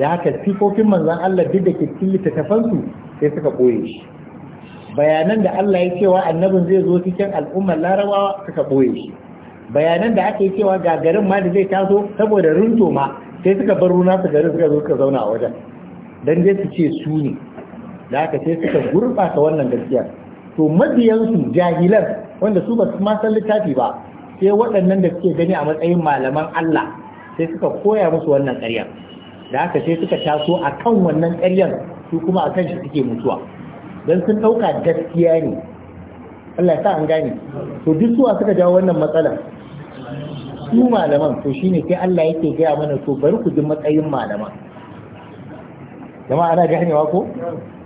da haka sifofin manzon Allah duk da ke cikin su sai suka koye shi bayanan da Allah ya cewa annabin zai zo cikin al'ummar larabawa suka koye shi bayanan da ake cewa ga garin ma da zai taso saboda runto ma sai suka bar runa su garin suka zo suka zauna a wajen dan dai su ce su ne da aka sai suka gurɓata wannan gaskiyar to mabiyansu jahilar wanda su ba su ma san littafi ba sai waɗannan da suke gani a matsayin malaman Allah sai suka koya musu wannan ƙaryar da aka sai suka taso a kan wannan ƙaryar su kuma a kan shi suke mutuwa don sun ɗauka gaskiya ne Allah ya sa an gane to duk suwa suka jawo wannan matsalar su malaman to shine sai Allah yake gaya mana to bari ku ji matsayin malaman jama'a ana ganewa ko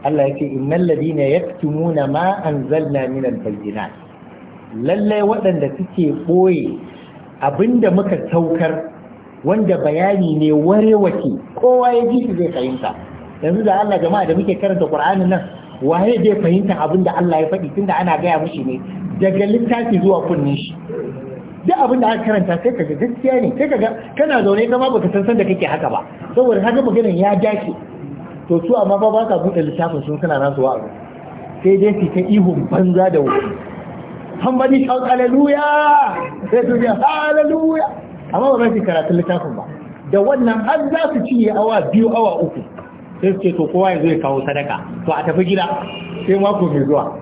Allah yake innal ladina yaktumuna ma anzalna min albayyinat lalle waɗanda suke boye abinda muka saukar wanda bayani ne ware wace kowa ya ji shi zai fahimta yanzu da Allah jama'a da muke karanta Qur'anin nan waye bai fahimta abin da Allah ya faɗi tunda ana gaya mushi ne daga littafi zuwa kunnin shi duk abin da aka karanta sai kaga gaskiya ne sai kaga kana zaune kama baka san san da kake haka ba saboda haka maganar ya dace to su amma ba ba ka buɗe littafin sun kana nasu abu sai dai su ta ihun banza da wuri somebody shout hallelujah sai su ce hallelujah amma ba za su karatu littafin ba da wannan har za su cinye awa biyu awa uku sai suke to kowa ya zo ya kawo sadaka to a tafi gida sai mako mai zuwa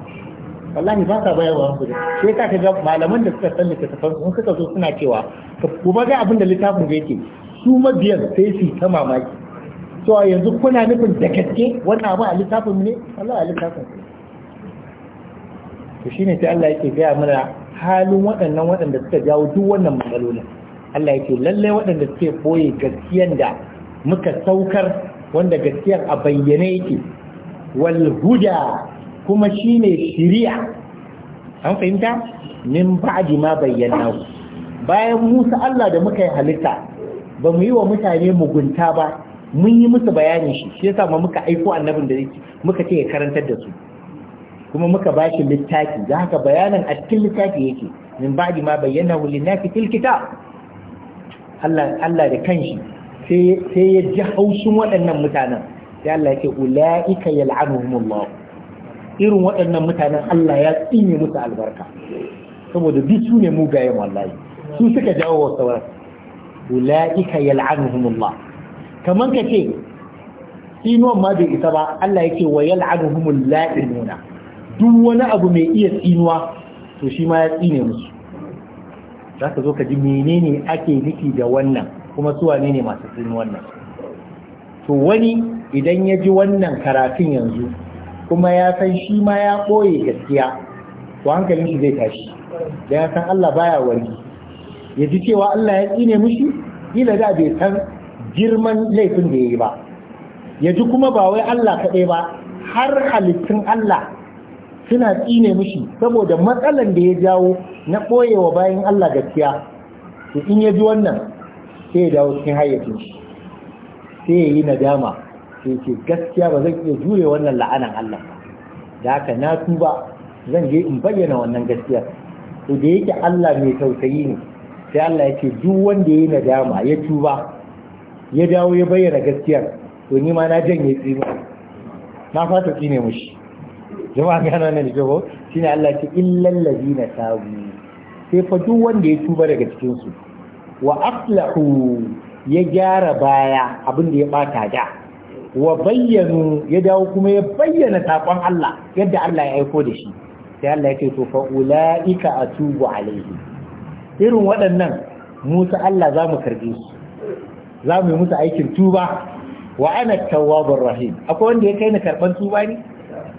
wallahi ba sa bayar wa hankali? sai ka ga malaman da suka san littattafan sun suka zo suna cewa kuma ga abin da littafin ga yake su mabiyan sai su ta mamaki to yanzu kuna nufin da gaske wannan abu a littafin ne Allah a littafin to shine sai Allah yake gaya mana halin waɗannan waɗanda suka jawo duk wannan matsalolin Allah yake lalle waɗanda suke boye gaskiyan da muka saukar wanda gaskiyar a bayyane yake wal huda kuma shine shiriya an fahimta min ba'di ma bayyana bayan Musa Allah da muka yi halitta ba mu yi wa mutane mugunta ba mun yi musu bayanin shi shi yasa ma muka aiko annabin da muka ce ya karantar da su kuma muka ba shi littafi da haka bayanan a cikin littafi yake min ba'di ma bayyana hu linnasi tilkita Allah Allah da kanshi sai ya ji haushin waɗannan mutanen sai Allah yake ula'ika yal'anuhumullah irin waɗannan mutanen Allah ya tsinye musu albarka saboda bi su ne mugayen wallahi su suka jawo wa sauran ula'ika yal'anuhumullah Kamar ka ce tsinuwan ma bai isa ba Allah yake wa la'in nuna duk wani abu mai iya tsinuwa to shi ma ya tsine musu za ka zo ka ji menene ake nufi da wannan kuma su wane ne masu sun wannan to wani idan ya ji wannan karatun yanzu kuma ya san shi ma ya ɓoye gaskiya to hankalin shi zai tashi da ya san Allah baya wani ya ji cewa Allah ya tsine mushi gila da bai san girman laifin da ya yi ba ya ji kuma ba wai Allah kaɗai ba har halittun Allah suna tsine mushi saboda matsalan da ya jawo na ɓoyewa bayan Allah gaskiya to in ya ji wannan sai ya dawo cikin hayyacin shi sai ya yi nadama sai ce gaskiya ba zan iya jure wannan la'anan Allah da haka na tuba zan je in bayyana wannan gaskiya to da yake Allah mai tausayi ne sai Allah ya ce duk wanda ya yi nadama ya tuba ya dawo ya bayyana gaskiyar to ni ma na janye tsima. na fata tsine mushi jama'a gano nan da ko shine Allah ya ce illal ladina tabu sai fa duk wanda ya tuba daga cikin su wa aslahu ya gyara baya abin da ya bata da wa bayyanu ya dawo kuma ya bayyana takon Allah yadda Allah ya aiko da shi sai Allah ya ce to fa ulaika atubu alaihi irin waɗannan Musa Allah za mu karbe su za mu yi musu aikin tuba wa ana tawwabur rahim akwai wanda ya kai ni karban tuba ne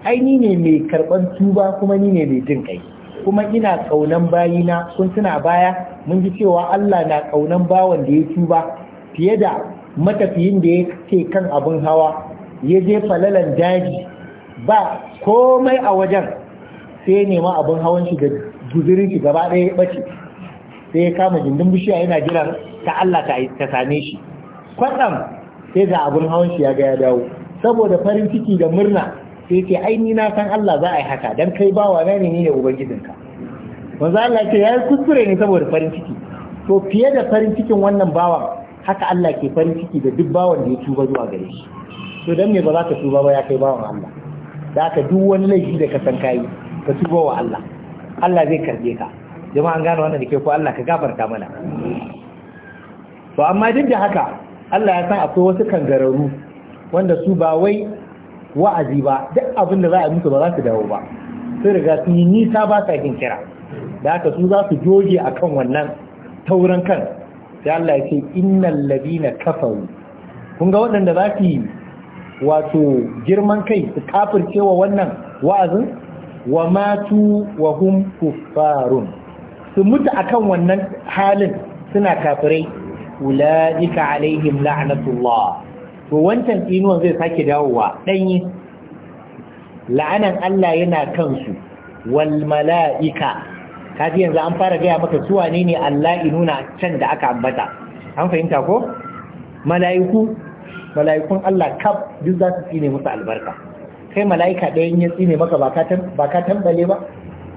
ai ni ne mai karban tuba kuma ni ne mai jin kai kuma ina kaunan bayina sun tuna baya mun ji cewa Allah na kaunan bawan da ya tuba fiye da matafiyin da ya ce kan abin hawa ya je falalan daji ba komai a wajen sai ya nema abin hawan shi da guzurin shi gaba ɗaya ya ɓace sai ya kama jindin bishiya yana jiran ta Allah ta same shi kwatsam sai ga abin hawan shi ya ga ya dawo saboda farin ciki da murna sai ce ai ni na san Allah za a yi haka dan kai bawa na ne ne ubangijinka manzo Allah ce yayi kuskure ne saboda farin ciki to fiye da farin cikin wannan bawa, haka Allah ke farin ciki da duk bawan da ya tuba zuwa gare shi to dan me ba za ka tuba ba ya kai bawan Allah da ka duk wani laifi da ka san kai ka tuba wa Allah Allah zai karbe ka jama'an gane wannan da ke ko Allah ka gafarta mana to amma duk da haka Allah ya san akwai wasu kangararru wanda su ba wai wa'azi ba duk abin da za a musu ba za su dawo ba sai riga sun yi nisa ba sa kin kira da haka su za su joge akan wannan taurin kan sai Allah ya ce innal ladina kafaru kun ga waɗanda za su yi wato girman kai su kafircewa wannan wa'azin wa matu wa hum kuffarun su mutu akan wannan halin suna kafirai ulaika alaihim la'natullah to wancan tsinuwan zai sake dawowa ɗanyi la'anan Allah yana kansu wal mala'ika kaji yanzu an fara gaya maka suwa ne ne Allah inuna can da aka ambata an fahimta ko mala'iku mala'ikun Allah kaf duk za su tsine musu albarka kai mala'ika ɗayan ya tsine maka ba ka tambale ba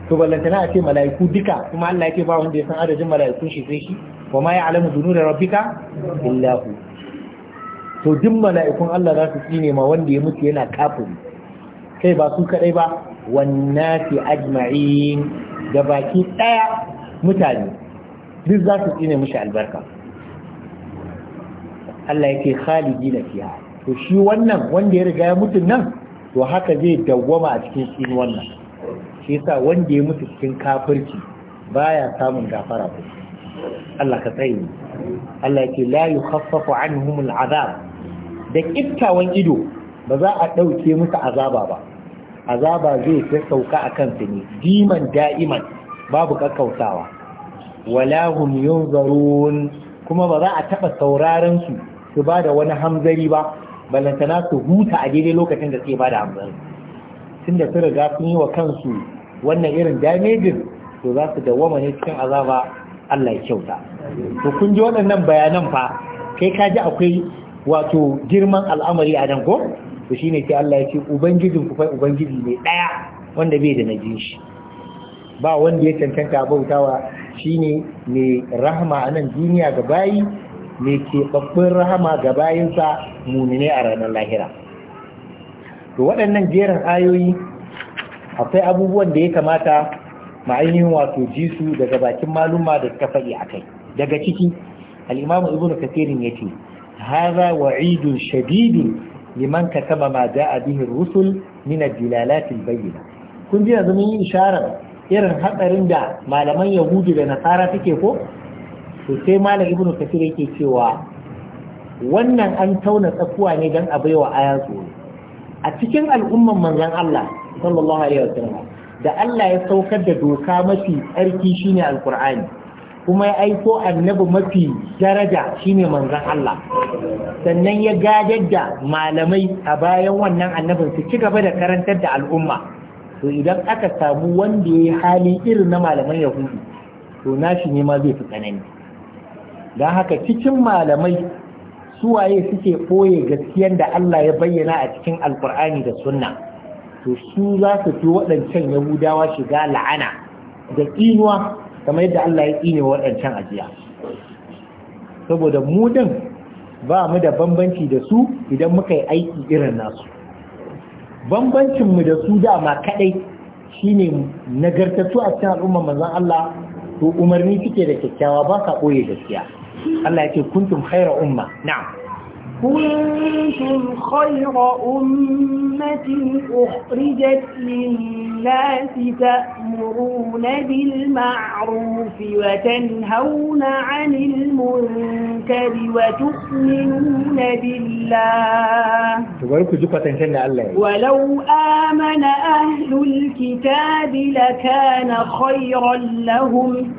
to na a ce mala'iku duka kuma Allah ya ce ba wanda ya san adadin mala'ikun shi sai shi wa ma alamu dunuda rabbika illahu to mala'ikun Allah za su tsine ma wanda ya mutu yana kafiri kai ba su kadai ba wannati ajma'in da baki daya mutane duk za su tsine mishi albarka Allah yake khalidi na fiha to shi wannan wanda ya riga ya mutu nan to haka zai dawwama a cikin tsini wannan shi yasa wanda ya mutu cikin kafirci baya samun gafara ba Allah ka tsaye Allah yake la yukhaffafu anhum al'adab da kiftawan ido ba za a ɗauke musu azaba ba azaba zai ta sauka a kansu ne diman da'iman babu kakkautawa walahun yin zaron kuma ba za a taɓa saurarensu su su ba da wani hamzari ba balantana su huta a daidai lokacin da suke ba da hamzari tun da su riga sun yi wa kansu wannan irin damejin to za su dawwama ne cikin azaba Allah ya kyauta to kun ji waɗannan bayanan fa kai ka ji akwai wato girman al'amari a nan ko to shine sai Allah ya ce ubangijin ku fai ubangiji ne ɗaya wanda bai da najin shi ba wanda ya cancanta bautawa shine mai rahama a nan duniya ga bayi mai keɓaɓɓun rahama ga bayinsa munine a ranar lahira to waɗannan jerin ayoyi akwai abubuwan da ya kamata ainihin wato jisu daga bakin maluma da suka faɗi a kai daga ciki al'imamu ibnu kasirin ya ce هذا وعيد شديد liman kataba ma a bihi rusul min ad-dilalat al-bayyina kun ji yanzu mun yi isharar irin hatsarin da malaman Yahudu da nasara take ko to malam ibnu kasir yake cewa wannan an tauna tsafuwa ne dan a baiwa aya tsoro a cikin al'umman manzon Allah sallallahu da Allah ya saukar da doka mafi tsarki shine alqur'ani kuma ya aiko annabi mafi daraja shine manzon Allah sannan ya gajar da malamai a bayan wannan annabin su ci gaba da karantar da al'umma to idan aka samu wanda ya yi hali irin na malaman yahudi to nashi ne ma zai fi tsanani don haka cikin malamai suwaye suke ɓoye gaskiyar da Allah ya bayyana a cikin alkur'ani da sunna to su za su fi waɗancan yahudawa shiga la'ana da inuwa kamar yadda Allah ya tsine wa waɗancan ajiya saboda mu din ba mu da bambanci da su idan muka yi aiki irin nasu bambancin mu da su dama kadai shine nagartattu a cikin al'umma manzon Allah to umarni suke da kyakkyawa ba ka boye gaskiya Allah ya ce kuntum khaira umma na'am كنتم خير أمة أخرجت للناس تأمرون بالمعروف وتنهون عن المنكر وتؤمنون بالله ولو آمن أهل الكتاب لكان خيرا لهم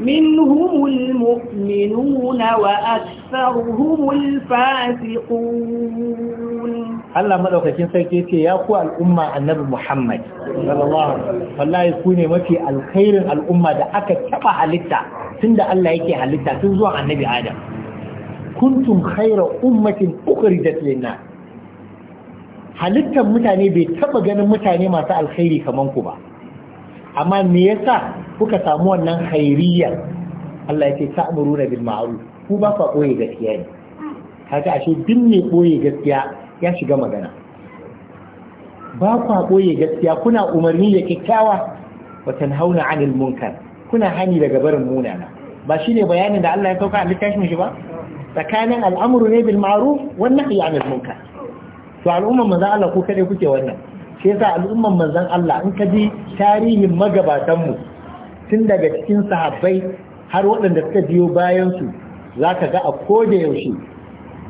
منهم المؤمنون وأكثرهم الفاسقون fasiqun Allah madaukakin sarki ce ya ku al'umma annabi Muhammad sallallahu alaihi wallahi ku ne mafi alkhairin al'umma da aka taba halitta tunda Allah yake halitta tun zuwa annabi Adam kuntum khayra ummatin ukhrijat lina nas halittar mutane bai taba ganin mutane masu alkhairi kaman ku ba amma me yasa kuka samu wannan khairiyar Allah yake ta'muruna bil ma'ruf ku ba fa koyi gaskiya ne kaga ashe duk mai ɓoye gaskiya ya shiga magana ba kwa ɓoye gaskiya kuna umarni da kyakkyawa wa tanhauna 'anil munkar kuna hani daga barin munana ba ne bayanin da Allah ya sauka a littafin shi ba tsakanin al'amuru ne bil ma'ruf wan nahyi 'anil munkar to al'umman manzon Allah ko kada kuke wannan shi yasa al'umman manzon Allah in ka ji tarihin magabatan mu tun daga cikin sahabbai har waɗanda suka biyo bayan su zaka ga a koda yaushe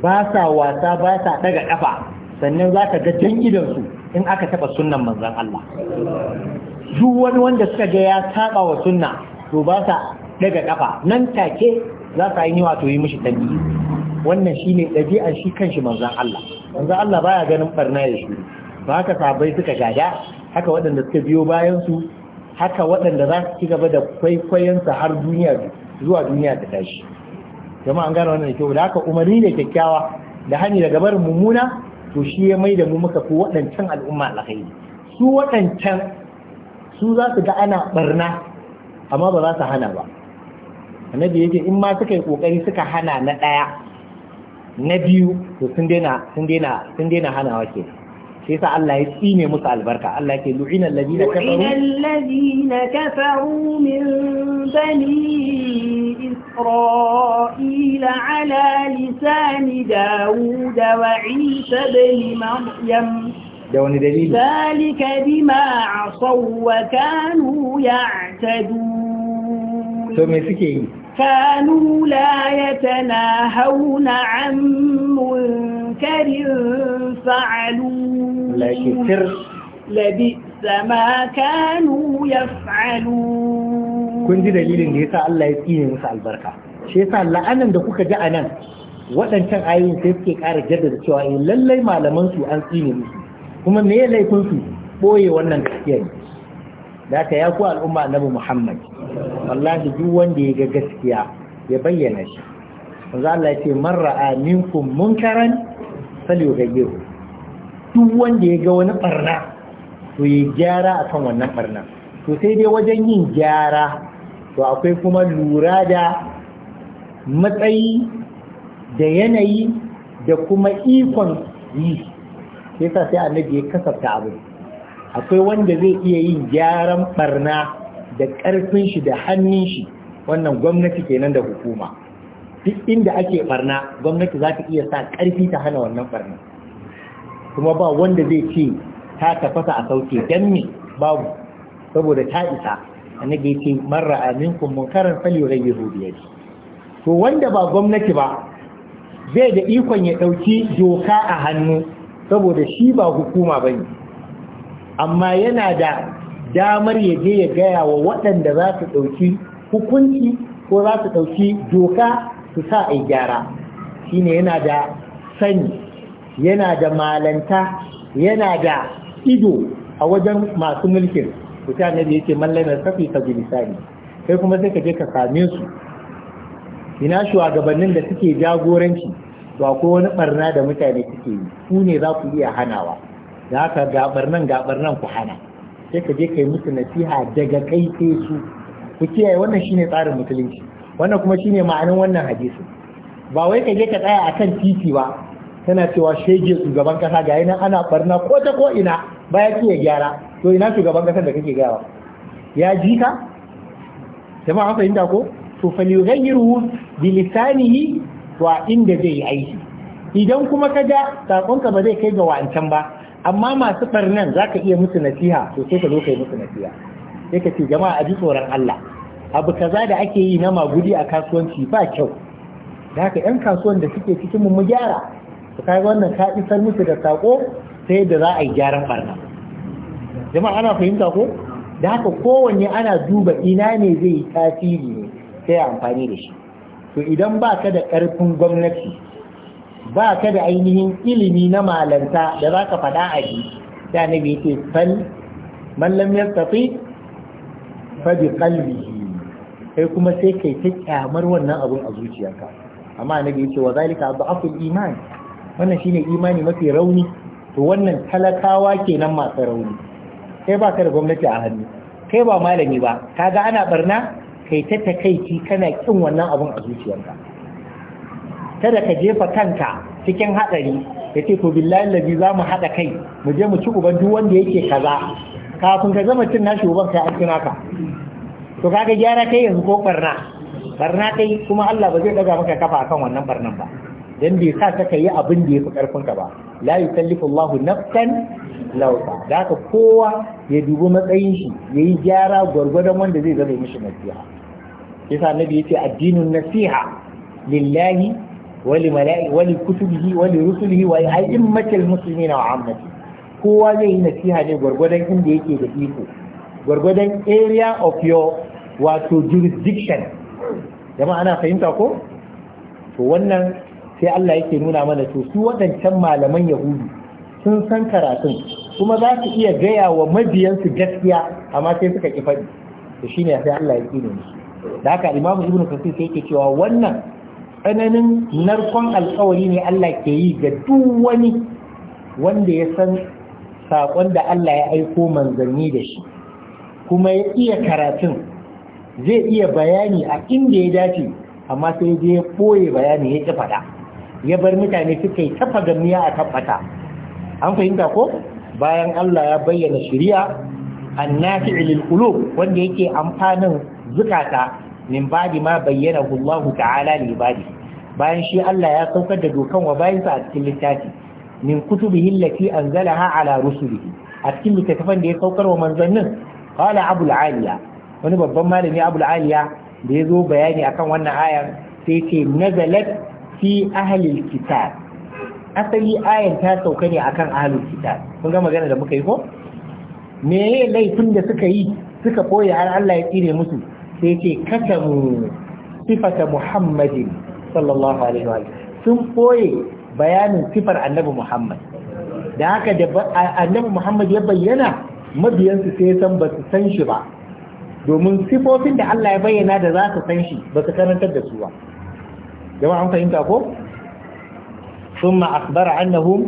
ba sa wasa ba sa daga kafa sannan za ka ga jan idansu in aka taba sunnan manzan Allah duk wani wanda suka ga ya saba wa sunna to ba sa daga kafa nan take za ka yi wato yi mishi tabi wannan shine ɗabi'ar shi kanshi manzan Allah Manzan Allah baya ganin barna da shi ba haka sabai suka gada haka waɗanda suka biyo bayan su haka waɗanda za su ci gaba da kwaikwayon har duniya zuwa duniya ta tashi jama'a an gane wannan da kyau da haka umarni ne kyakkyawa da hani daga barin mummuna to shi ya mai da mu muka fi waɗancan al'umma alhaini su waɗancan su za su ga ana barna amma ba za su hana ba annabi yake in ma suka yi kokari suka hana na ɗaya na biyu to sun daina sun daina sun daina hanawa kenan shi yasa Allah ya tsine musu albarka Allah yake lu'ina alladhina kafaru lu'ina alladhina kafaru min bani isra'ila ala lisani daud wa isa ibn maryam da wani dalili zalika bima asaw wa kanu ya'tadun to me suke yi kanu la yatanahawna an منكر فعلوه لبئس ما كانوا يفعلون kun ji dalilin da yasa Allah ya tsine musu albarka shi yasa la'anan da kuka ji a nan waɗancan ayoyin sai suke ƙara jaddada cewa eh lallai malaman su an tsine musu kuma me laifin su boye wannan gaskiya ne da ka ya ku al'umma annabi Muhammad wallahi duk wanda ya ga gaskiya ya bayyana shi manzo Allah ya ce man ra'a minkum duk wanda ya ga wani barna to ya gyara akan wannan barna to sai dai wajen yin gyara to akwai kuma lura da matsayi da yanayi da kuma ikon yi sai sa sai annabi ya kasafta abu akwai wanda zai iya yin gyaran barna da ƙarfin shi da hannun shi wannan gwamnati kenan da hukuma duk inda ake barna gwamnati za ta iya sa ƙarfi ta hana wannan barna kuma ba wanda zai ce ta tafasa a sauke don ne babu saboda ta isa annabi ya ce marra aminkum munkaran falyughayyirhu bi rubiyar. to wanda ba gwamnati ba zai da ikon ya ɗauki doka a hannu saboda shi ba hukuma ba ne amma yana da damar ya je ya gaya wa waɗanda za su ɗauki hukunci ko za su ɗauki doka su sa a gyara shine yana da sani yana da malanta yana da ido a wajen masu mulkin su ta da yake na safi ka sani. kai kuma sai ka je ka same su ina shugabannin da suke jagoranci to akwai wani barna da mutane suke yi ku ne za ku iya hanawa da haka gabar nan gabar nan ku hana sai ka je kai musu nasiha daga kai sai su ku kiyaye wannan shine tsarin musulunci wannan kuma shine ma'anin wannan hadisi ba wai ka je ka tsaya kan titi ba tana cewa shege shugaban kasa ga nan ana barna ko ta ko ina baya ya gyara to ina shugaban kasa da kake gawa ya ji ka jama'a an fahimta ko to falyughayyiru bi lisanihi wa inda zai yi aiki idan kuma ka ga sakonka ba zai kai ga wancan ba amma masu barnan zaka iya musu nasiha to sai ka zo kai musu nasiha sai ka ce jama'a a ji tsoron Allah abu kaza da ake yi na magudi a kasuwanci ba kyau da haka 'yan kasuwan da suke cikin mu gyara su kai wannan ka isar musu da sako sai da za a yi gyaran barna jama'a ana fahimta ko da haka kowanne ana duba ina ne zai yi tasiri ne sai amfani da shi to idan ba ka da ƙarfin gwamnati ba ka da ainihin ilimi na malanta da za ka faɗa a ji da na bai fal mallam ya tafi fa bi qalbihi kai kuma sai kai ta kyamar wannan abun a zuciyarka amma annabi yace wa zalika adhaful iman wannan shine imani mafi rauni to wannan talakawa kenan masu rauni kai ba ka da gwamnati a hannu kai ba malami ba kaga ana barna kai ta takaici kana kin wannan abun a zuciyarka kada ka jefa kanka cikin hadari ya ce to billahi lazi za mu haɗa kai mu je mu ci uban duk wanda yake kaza kafin ka zama cin nashi uban kai an cin to kaga gyara kai yanzu ko barna barna kai kuma Allah ba zai daga maka kafa akan wannan barnan ba dan bai sa ka yi abin da yafi karfin ka ba la yukallifu Allahu nafsan da kowa ya dubi matsayin shi yayi gyara gwargwadon wanda zai zama mishi nasiha yasa annabi yace addinin nasiha lillahi wa li mala'i wa li kutubihi wa li rusulihi wa a'immatil muslimina wa ammati kowa zai yi nasiha ne gwargwadon inda yake da iko gwargwadon area of your wato jurisdiction jama'a ana fahimta ko to wannan sai Allah yake nuna mana to su waɗancan malaman yahudu sun san karatun kuma za su iya gaya wa mabiyansu gaskiya amma sai suka ki faɗi to shine sai Allah ya kine musu da haka Imam ibnu kasir sai yake cewa wannan tsananin narkon alƙawari ne Allah ke yi ga duk wani wanda ya san saƙon da Allah ya aiko manzanni da shi kuma ya iya karatun zai iya bayani a inda ya dace amma sai je ya ɓoye bayani ya ƙi faɗa ya bar mutane suka yi tafa gamiya a tabbata an fahimta ko bayan Allah ya bayyana shari'a annati lil qulub wanda yake amfanin zukata min badi ma bayyana Allah ta'ala li badi. bayan shi Allah ya saukar da dokan wa sa a cikin littafi min kutubihi allati anzalaha ala rusulihi a cikin littafin da ya saukar wa manzannin qala abul aliya wani babban malami abul aliya da ya zo bayani akan wannan ayar sai ce nazalat fi ahlil kitab asali ayan ta sauka ne akan ahlul kitab kun ga magana da muka yi ko me laifin da suka yi suka koyi har Allah ya tsire musu sai ce katamu sifata muhammadin sallallahu alaihi wa sun koyi bayanin sifar annabi muhammad da haka da annabi muhammad ya bayyana mabiyansu sai san ba su san shi ba domin sifofin da Allah ya bayyana da za su san shi ba su karantar da su ba jama'a an fahimta ko ثم أخبر أنهم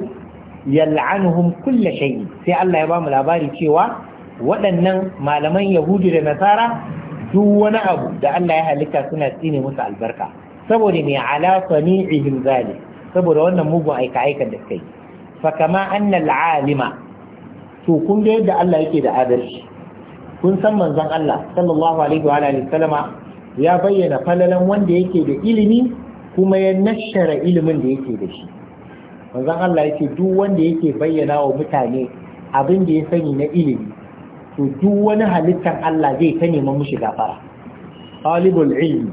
يلعنهم kulla shayi, sai Allah ya bamu labari cewa waɗannan malaman Yahudi da Nasara duk wani abu da Allah ya halitta suna tsine musu albarka saboda ne ala sani'ihim zalik saboda wannan mugun aika aikan da suka yi fa kama to kun ga yadda Allah yake da adalci kun san manzon Allah sallallahu alaihi wa alihi sallama ya bayyana falalan wanda yake da ilimi kuma ya nashara ilimin da yake da shi manzon Allah yake duk wanda yake bayyana wa mutane abin da ya sani na ilimi to duk wani halittar Allah zai ta neman mushi gafara talibul ilmi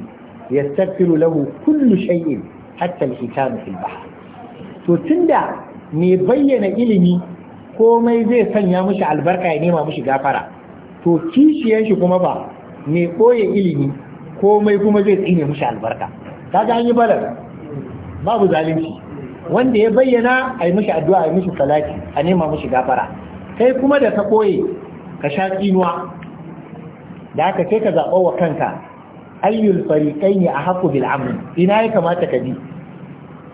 yastaghfiru lahu kullu shay'in hatta al-hitam fil bahr to tunda mai bayyana ilimi komai zai sanya mishi albarka ya nema mishi gafara to kishiyar shi kuma ba mai koye ilimi komai kuma zai tsine mishi albarka ta an yi balar babu zalunci wanda ya bayyana a yi mishi addu'a a yi mishi salati a nema mishi gafara kai kuma da ka koye ka sha tsinuwa da aka ce ka zaɓa wa kanka ayyul fariƙai ne a haƙƙo bil ina ya kamata ka bi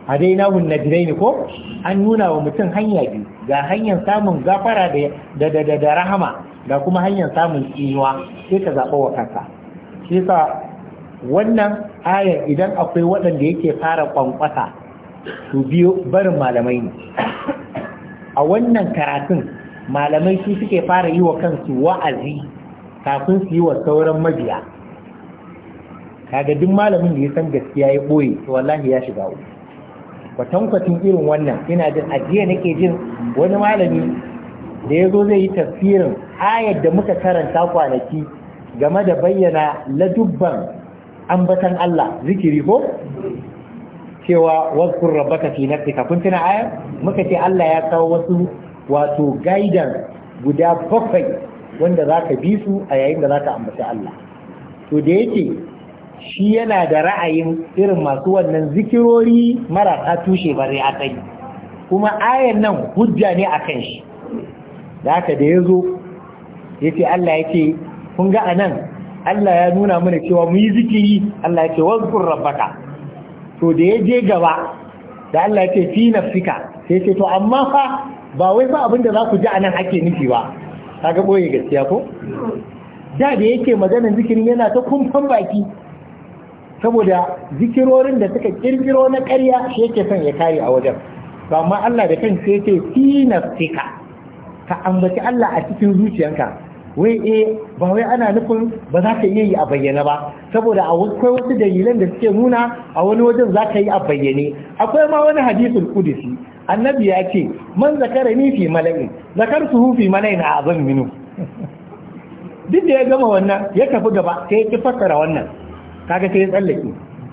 A dai hadainahu ne ko an nuna wa mutum hanya biyu ga hanyar samun gafara da da da da rahama ga kuma hanyar samun tsinuwa sai ka zaɓa wa kanka shi sa wannan ayar idan akwai waɗanda yake fara kwankwasa to biyo barin malamai ne a wannan karatun malamai su suke fara yi wa kansu wa'azi kafin su yi wa sauran mabiya kaga duk malamin da ya san gaskiya ya ɓoye to wallahi ya shiga uku kwatankwacin irin wannan ina jin ajiya nake jin wani malami da ya zo zai yi tafsirin ayar da muka karanta kwanaki game da bayyana ladubban ambatan Allah zikiri ko cewa wazkur rabbaka fi nafsika kun tuna ayar muka ce Allah ya kawo wasu wato gaidan guda bakwai wanda za ka bi su a yayin da za ka ambaci Allah to da yake shi yana da ra'ayin irin masu wannan zikirori marasa tushe bare a kai kuma ayan nan hujja ne a kan shi da haka da ya zo ya ce Allah ya ce kun ga anan Allah ya nuna mana cewa mu yi zikiri Allah ya ce wazkur rabbaka to da ya je gaba da Allah ya ce fi nafsika sai ce to amma fa ba wai fa abinda za ku ji anan ake nufi ba kaga boye gaskiya ko da da yake maganar zikirin yana ta kumfan baki saboda zikirorin da suka kirkiro na ƙarya shi yake son ya kare a wajen ba amma Allah da kansa yake fi nafsika ka ambaci Allah a cikin zuciyanka wai eh ba wai ana nufin ba za ka iya yi a bayyana ba saboda akwai wasu dalilan da suke nuna a wani wajen za ka yi a bayyane akwai ma wani hadisul qudsi annabi ya ce man zakarani fi mala'in hu fi mala'in a azan minu duk da ya gama wannan ya tafi gaba sai ya ki fassara wannan kaga sai ya tsallake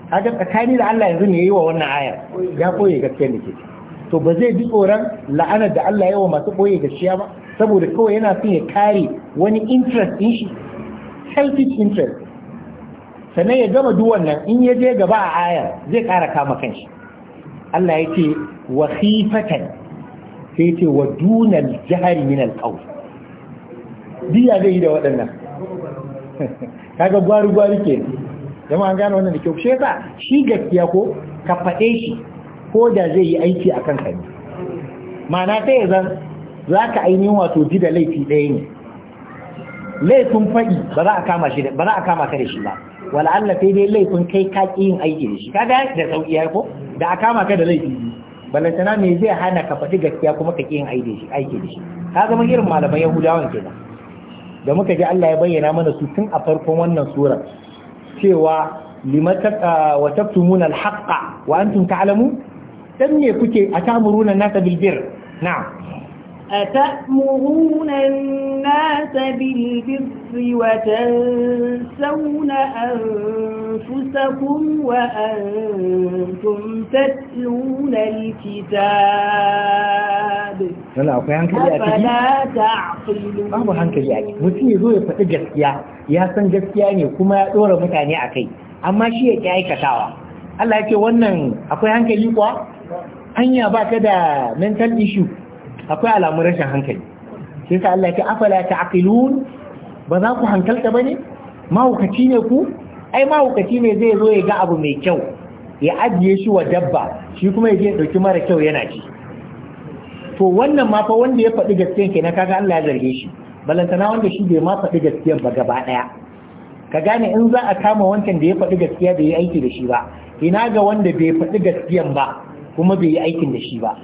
kaga tsakani da Allah yanzu ne yayi wa wannan aya ya koye gaskiya da ke to ba zai ji tsoron la'anar da Allah wa masu koye gaskiya ba saboda kawai yana son ya kare wani interest din shi selfish interest sannan ya gama duk wannan in ya je gaba a ayar zai kara kama kanshi Allah ya ce wa khifatan sai ce wa dunal jahari min alqawl diya zai yi da waɗannan kaga gwari gwari ke jama'a an gane wannan da kyau shi yasa shi gaskiya ko ka faɗe shi ko da zai yi aiki a kanka ne ma'ana sai ya zan za ka ainihin wato ji da laifi ɗaya ne laifin faɗi ba za a kama ka da shi ba wala Allah sai dai laifin kai ka ƙi yin aiki da shi ka ga da sauƙi ya ko da a kama ka da laifi balantana me zai hana ka faɗi gaskiya kuma ka ƙi yin aiki da shi ka zama irin malaman yahudawan kenan da muka ji Allah ya bayyana mana su tun a farkon wannan surar cewa limataka wa taktumuna al-haqqa wa antum ta'lamun dan ne kuke atamuruna nasa bil na. أتأمرون الناس بالبر وتنسون أنفسكم وأنتم تتلون الكتاب Nuna akwai hankali a ciki? Babu hankali a ciki. Mutum ya zo ya faɗi gaskiya, ya san gaskiya ne kuma ya ɗora mutane a kai, amma shi ya ƙi aikatawa. Allah ya ce wannan akwai hankali kuwa? Hanya ba ta da mental issue. akwai alamun rashin hankali sai sa Allah ya ce afala ta'qilun ba za ku hankalta bane mahaukaci ne ku ai mahaukaci ne zai zo ya ga abu mai kyau ya ajiye shi wa dabba shi kuma ya je ya dauki mara kyau yana ci to wannan ma fa wanda ya faɗi gaskiyan kenan kaga Allah ya zarge shi balantana wanda shi bai ma faɗi gaskiyan ba gaba ɗaya ka gane in za a kama wancan da ya faɗi gaskiya da ya aiki da shi ba ina ga wanda bai faɗi gaskiyan ba kuma bai yi aikin da shi ba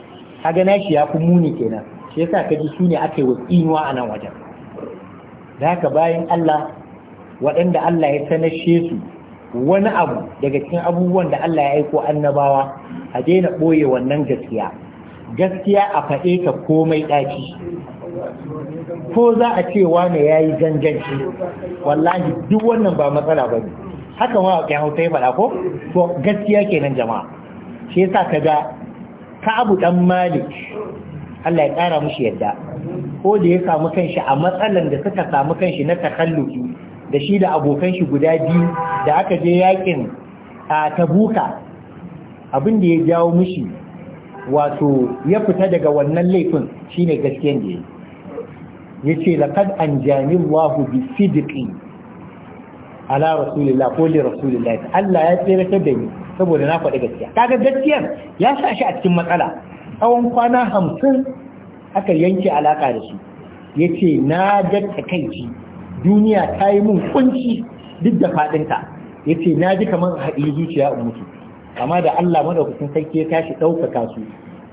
kaga nashi ya fi muni kenan shi yasa kaji su ne aka yi wa a nan wajen da haka bayan Allah waɗanda Allah ya sanashe su wani abu daga cikin abubuwan da Allah ya aiko annabawa a daina ɓoye wannan gaskiya gaskiya a faɗe ta komai ɗaci ko za a ce wane ya yi ganganci wallahi duk wannan ba matsala ba ne haka ma ya hauta ya faɗa ko to gaskiya kenan jama'a shi yasa ka ga ka'abu ɗan malik Allah ya ƙara mushi yadda ko da ya samu kanshi a matsalan da suka samu kanshi na takalluki da shi da abokan shi guda biyu da aka je yakin a tabuka abin da ya jawo mushi wato ya fita daga wannan laifin shine gaskiyan da ya yi ya ce laqad anjani Allahu bi sidqi ala rasulillah ko li rasulillah Allah ya tsere da ni saboda na faɗi gaskiya kaga gaskiyar ya sa shi a cikin matsala tsawon kwana hamsin aka yanke alaka da su ya ce na ga takaici duniya ta yi mun kunci duk da faɗinta ya ce na ji kamar haɗi zuciya in mutu amma da Allah madaukakin sarki ya tashi ɗaukaka su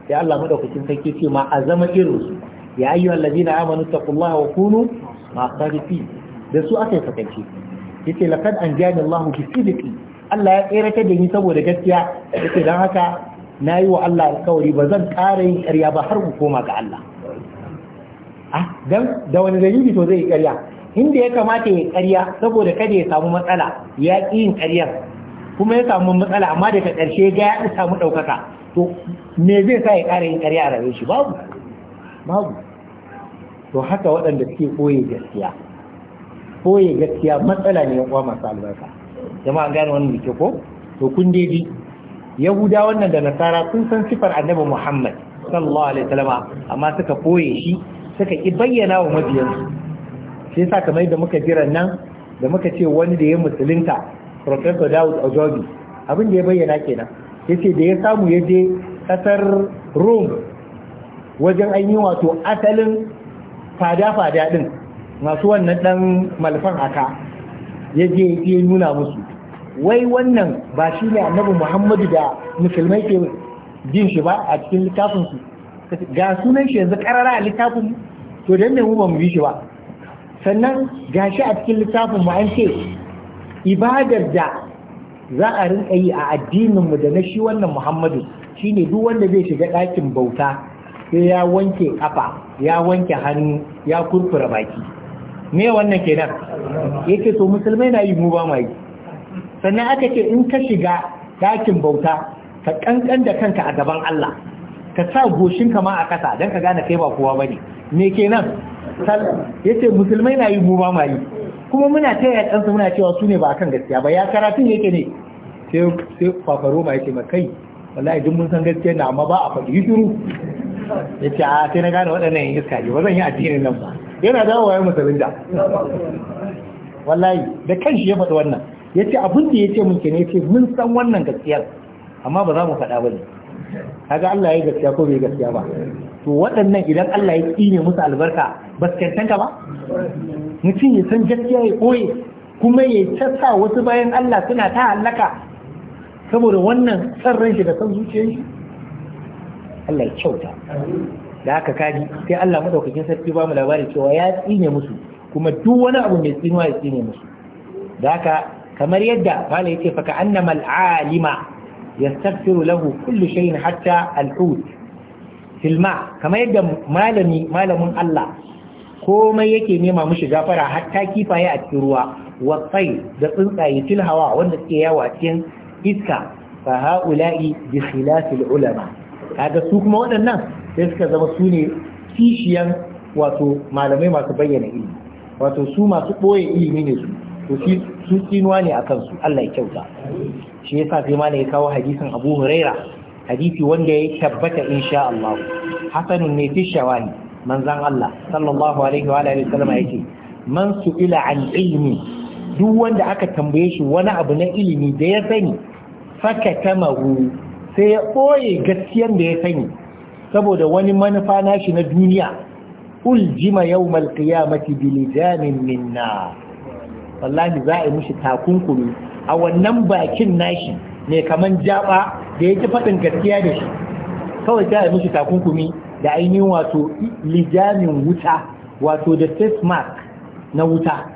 sai Allah madaukakin sarki ce ma a zama irin su ya ayyu allazina amanu taqullaha wa kunu ma sadiqin da su aka yi fakaice yace laqad anjani Allahu bi Allah ya tsere da ni saboda gaskiya yake don haka na yi wa Allah alkawari ba zan ƙara yin ƙarya ba har ku koma ga Allah ah, da wani dalili to zai yi ƙarya inda ya kamata ya ƙarya saboda kada ya samu matsala ya ƙi yin ƙarya, kuma ya samu matsala amma daga ƙarshe ga ya samu ɗaukaka to me zai sa ya ƙara yin ƙarya a rayuwar shi babu babu to haka waɗanda suke ɓoye gaskiya ɓoye gaskiya matsala ne ya kwa masu albarka jama'a gane wannan da ke ko to kun daidai yahuda wannan da nasara sun san sifar annabi muhammad sallallahu alaihi wasallama amma suka koye shi suka ki bayyana wa mabiyansu sai sa kamar yadda muka jira nan da muka ce wani da ya musulunta professor Dawud ajobi abin da ya bayyana kenan yace da ya samu ya je kasar Rome wajen an yi wato asalin fada-fada din masu wannan dan malfan aka ya je ya nuna musu wai wannan ba shi ne annabi muhammadu da musulmai ke jin shi ba a cikin littafinsu ga sunan shi yanzu karara a littafin to don ne mu ba mu bi shi ba sannan ga shi a cikin littafin mu an ce ibadar da za a rinka yi a addinin mu da na shi wannan muhammadu shine duk wanda zai shiga ɗakin bauta sai ya wanke kafa ya wanke hannu ya kurkura baki me wannan kenan yake to musulmai na yi mu ba mu yi sannan aka ce in ka shiga dakin bauta ka kankan da kanka a gaban Allah ka sa goshin ma a kasa don ka gane kai ba kowa bane me kenan yace musulmai na yi goma ma yi kuma muna ta yi ɗansu muna cewa su ne ba kan gaskiya ba ya karatun yake ne sai sai fafaro ma ce kai wallahi duk mun san gaskiya na amma ba a faɗi ya yace a ah, sai na gane waɗannan yin iska ne ba zan yi addinin nan ba yana dawowa ya musulunta wallahi da kanshi ya faɗi wannan ya ce abinda da ya ce mun ne ya ce mun san wannan gaskiyar amma ba za mu faɗa ba ne haka Allah ya yi gaskiya ko bai gaskiya ba to waɗannan idan Allah ya tsine musu albarka ba su ka ba mutum ya san gaskiya ya koye kuma ya tasa wasu bayan Allah suna ta hallaka saboda wannan san ran shi da san zuciyar shi Allah ya kyauta da haka kaji sai Allah madaukakin sarki ba mu labari cewa ya tsine musu kuma duk wani abu mai tsinuwa ya tsine musu da haka kamar yadda mala yace "Faka ka'annama al'alima yastaghfiru lahu kullu shay'in hatta al-hut kamar yadda malami malamin Allah komai yake nema mushi gafara hatta kifaye a cikin ruwa wa da tsuntsaye fil hawa wanda suke yawa cikin iska fa haula'i bi khilafil ulama kaga su kuma waɗannan sai suka zama su ne kishiyan wato malamai masu bayyana ilimi wato su masu ɓoye ilimi ne su to shi su tsinuwa ne a kansu, Allah ya kyauta shi yasa sai ma ne ya kawo hadisin Abu Huraira hadisi wanda ya tabbata insha Allah hasanun ne fi shawani manzan Allah sallallahu alaihi wa alihi wasallam yake man su'ila an ilmi duk wanda aka tambaye shi wani abu na ilimi da ya sani tamahu sai ya ɓoye gaskiyar da ya sani saboda wani manufa nashi na duniya uljima yawmal qiyamati bilijanin minna wallahi za a yi mishi takunkumi a wannan bakin nashi ne kaman jaba da yake faɗin gaskiya da shi kawai za a yi mishi takunkumi da ainihin wato lijamin wuta wato da face mask na wuta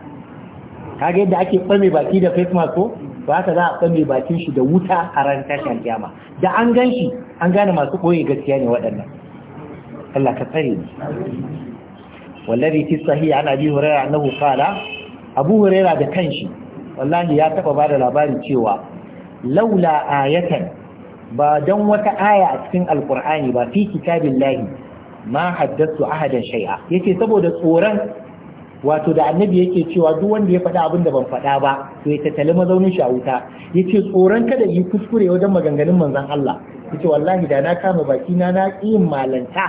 kaga yadda ake tsame baki da face mask ko ba haka za a tsame bakin shi da wuta a ran tashin kiyama da an gan shi an gane masu koyi gaskiya ne waɗannan Allah ka tsare ni wallahi fi sahiha an abi hurairah annahu qala abu huraira da kanshi wallahi ya taba bada labarin cewa laula ayatan ba don wata aya a cikin alkur'ani ba fi kitabillahi ma haddatsu ahadan shay'a yace saboda tsoron wato da annabi yake cewa duk wanda ya faɗa abin da ban faɗa ba to ya tattali mazaunin shi a wuta yace tsoron kada yi kuskure wajen maganganun manzon Allah yace wallahi da na kama baki na na yin malanta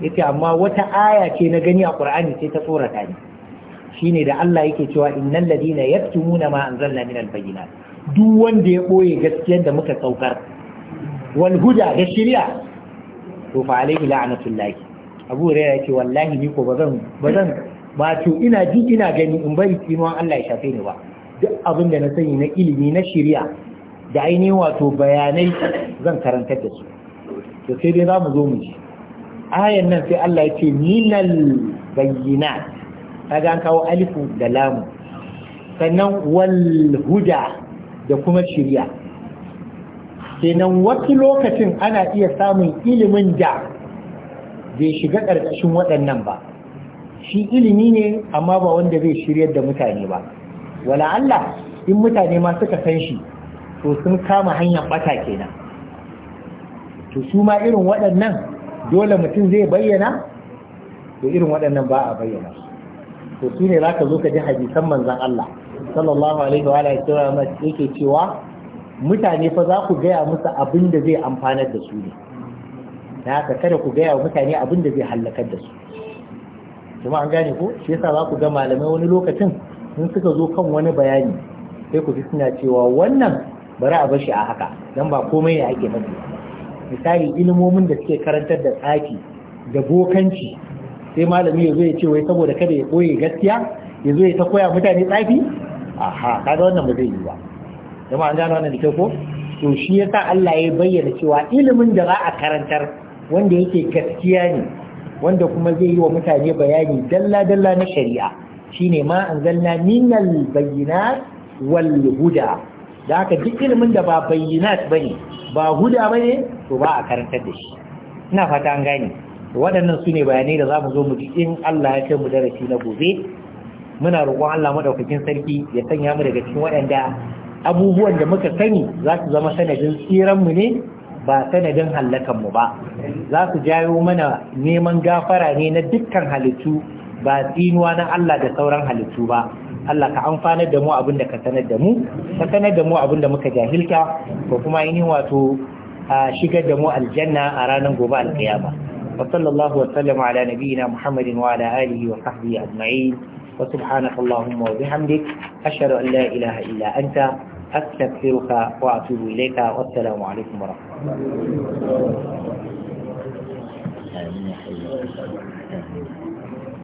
yace amma wata aya ce na gani a Qur'ani sai ta tsorata ni shine da Allah yake cewa innal ladina yaktumuna ma anzalna minal bayyinat duk wanda ya boye gaskiyar da muka saukar wal huda da shari'a to fa alaihi la'natullahi Abu Hurairah yake wallahi ni ko bazan bazan ba to ina ji ina gani in bari kiman Allah ya shafe ni ba duk abin da na sani na ilimi na shari'a da ainihin wato bayanai zan karantar da su to sai dai za mu zo mu ji ayan nan sai Allah ya ce minal bayyinat kaga an kawo alifu da lamu sannan wal da kuma shirya kenan wasu lokacin ana iya samun ilimin da bai shiga ƙarƙashin waɗannan ba shi ilimi ne amma ba wanda zai shiryar da mutane ba wala Allah in mutane ma suka san shi to sun kama hanyar ɓata kenan to su ma irin waɗannan dole mutum zai bayyana to irin waɗannan ba a bayyana to shi ne zaka zo ka ji hadisan manzon Allah sallallahu alaihi wa alihi wa yake cewa mutane fa za ku gaya musu abin da zai amfanar da su ne da haka kada ku gaya wa mutane abin da zai halakar da su kuma an gane ko shi yasa za ku ga malamai wani lokacin sun suka zo kan wani bayani sai ku ji suna cewa wannan bari a bashi a haka dan ba komai ne ake faɗi misali ilimomin da suke karantar da tsaki da bokanci sai malami ya zo ya ce wai saboda kada ya boye gaskiya ya zo ya ta koya mutane tsafi aha kaga wannan ba zai yi ba jama'a an gano wannan da kyau ko to shi yasa Allah ya bayyana cewa ilimin da za a karantar wanda yake gaskiya ne wanda kuma zai yi wa mutane bayani dalla dalla na shari'a shine ma anzalna minal bayyinat wal huda da haka duk ilimin da ba bayyinat bane ba huda bane to ba a karantar da shi ina fata an gane waɗannan su ne bayanai da za mu zo mu ji in Allah ya kai mu darasi na gobe muna roƙon Allah madaukakin sarki ya sanya mu daga cikin waɗanda abubuwan da muka sani za su zama sanadin tsiran mu ne ba sanadin hallakan mu ba za su jayo mana neman gafara ne na dukkan halittu ba tsinuwa na Allah da sauran halittu ba Allah ka amfanar da mu abin da ka sanar da mu ka sanar da mu abin da muka jahilta ko kuma ainihin wato shigar da mu aljanna a ranar gobe alkiyama وصلى الله وسلم على نبينا محمد وعلى آله وصحبه أجمعين وسبحانك اللهم وبحمدك أشهد أن لا إله إلا أنت أستغفرك وأتوب إليك والسلام عليكم ورحمة الله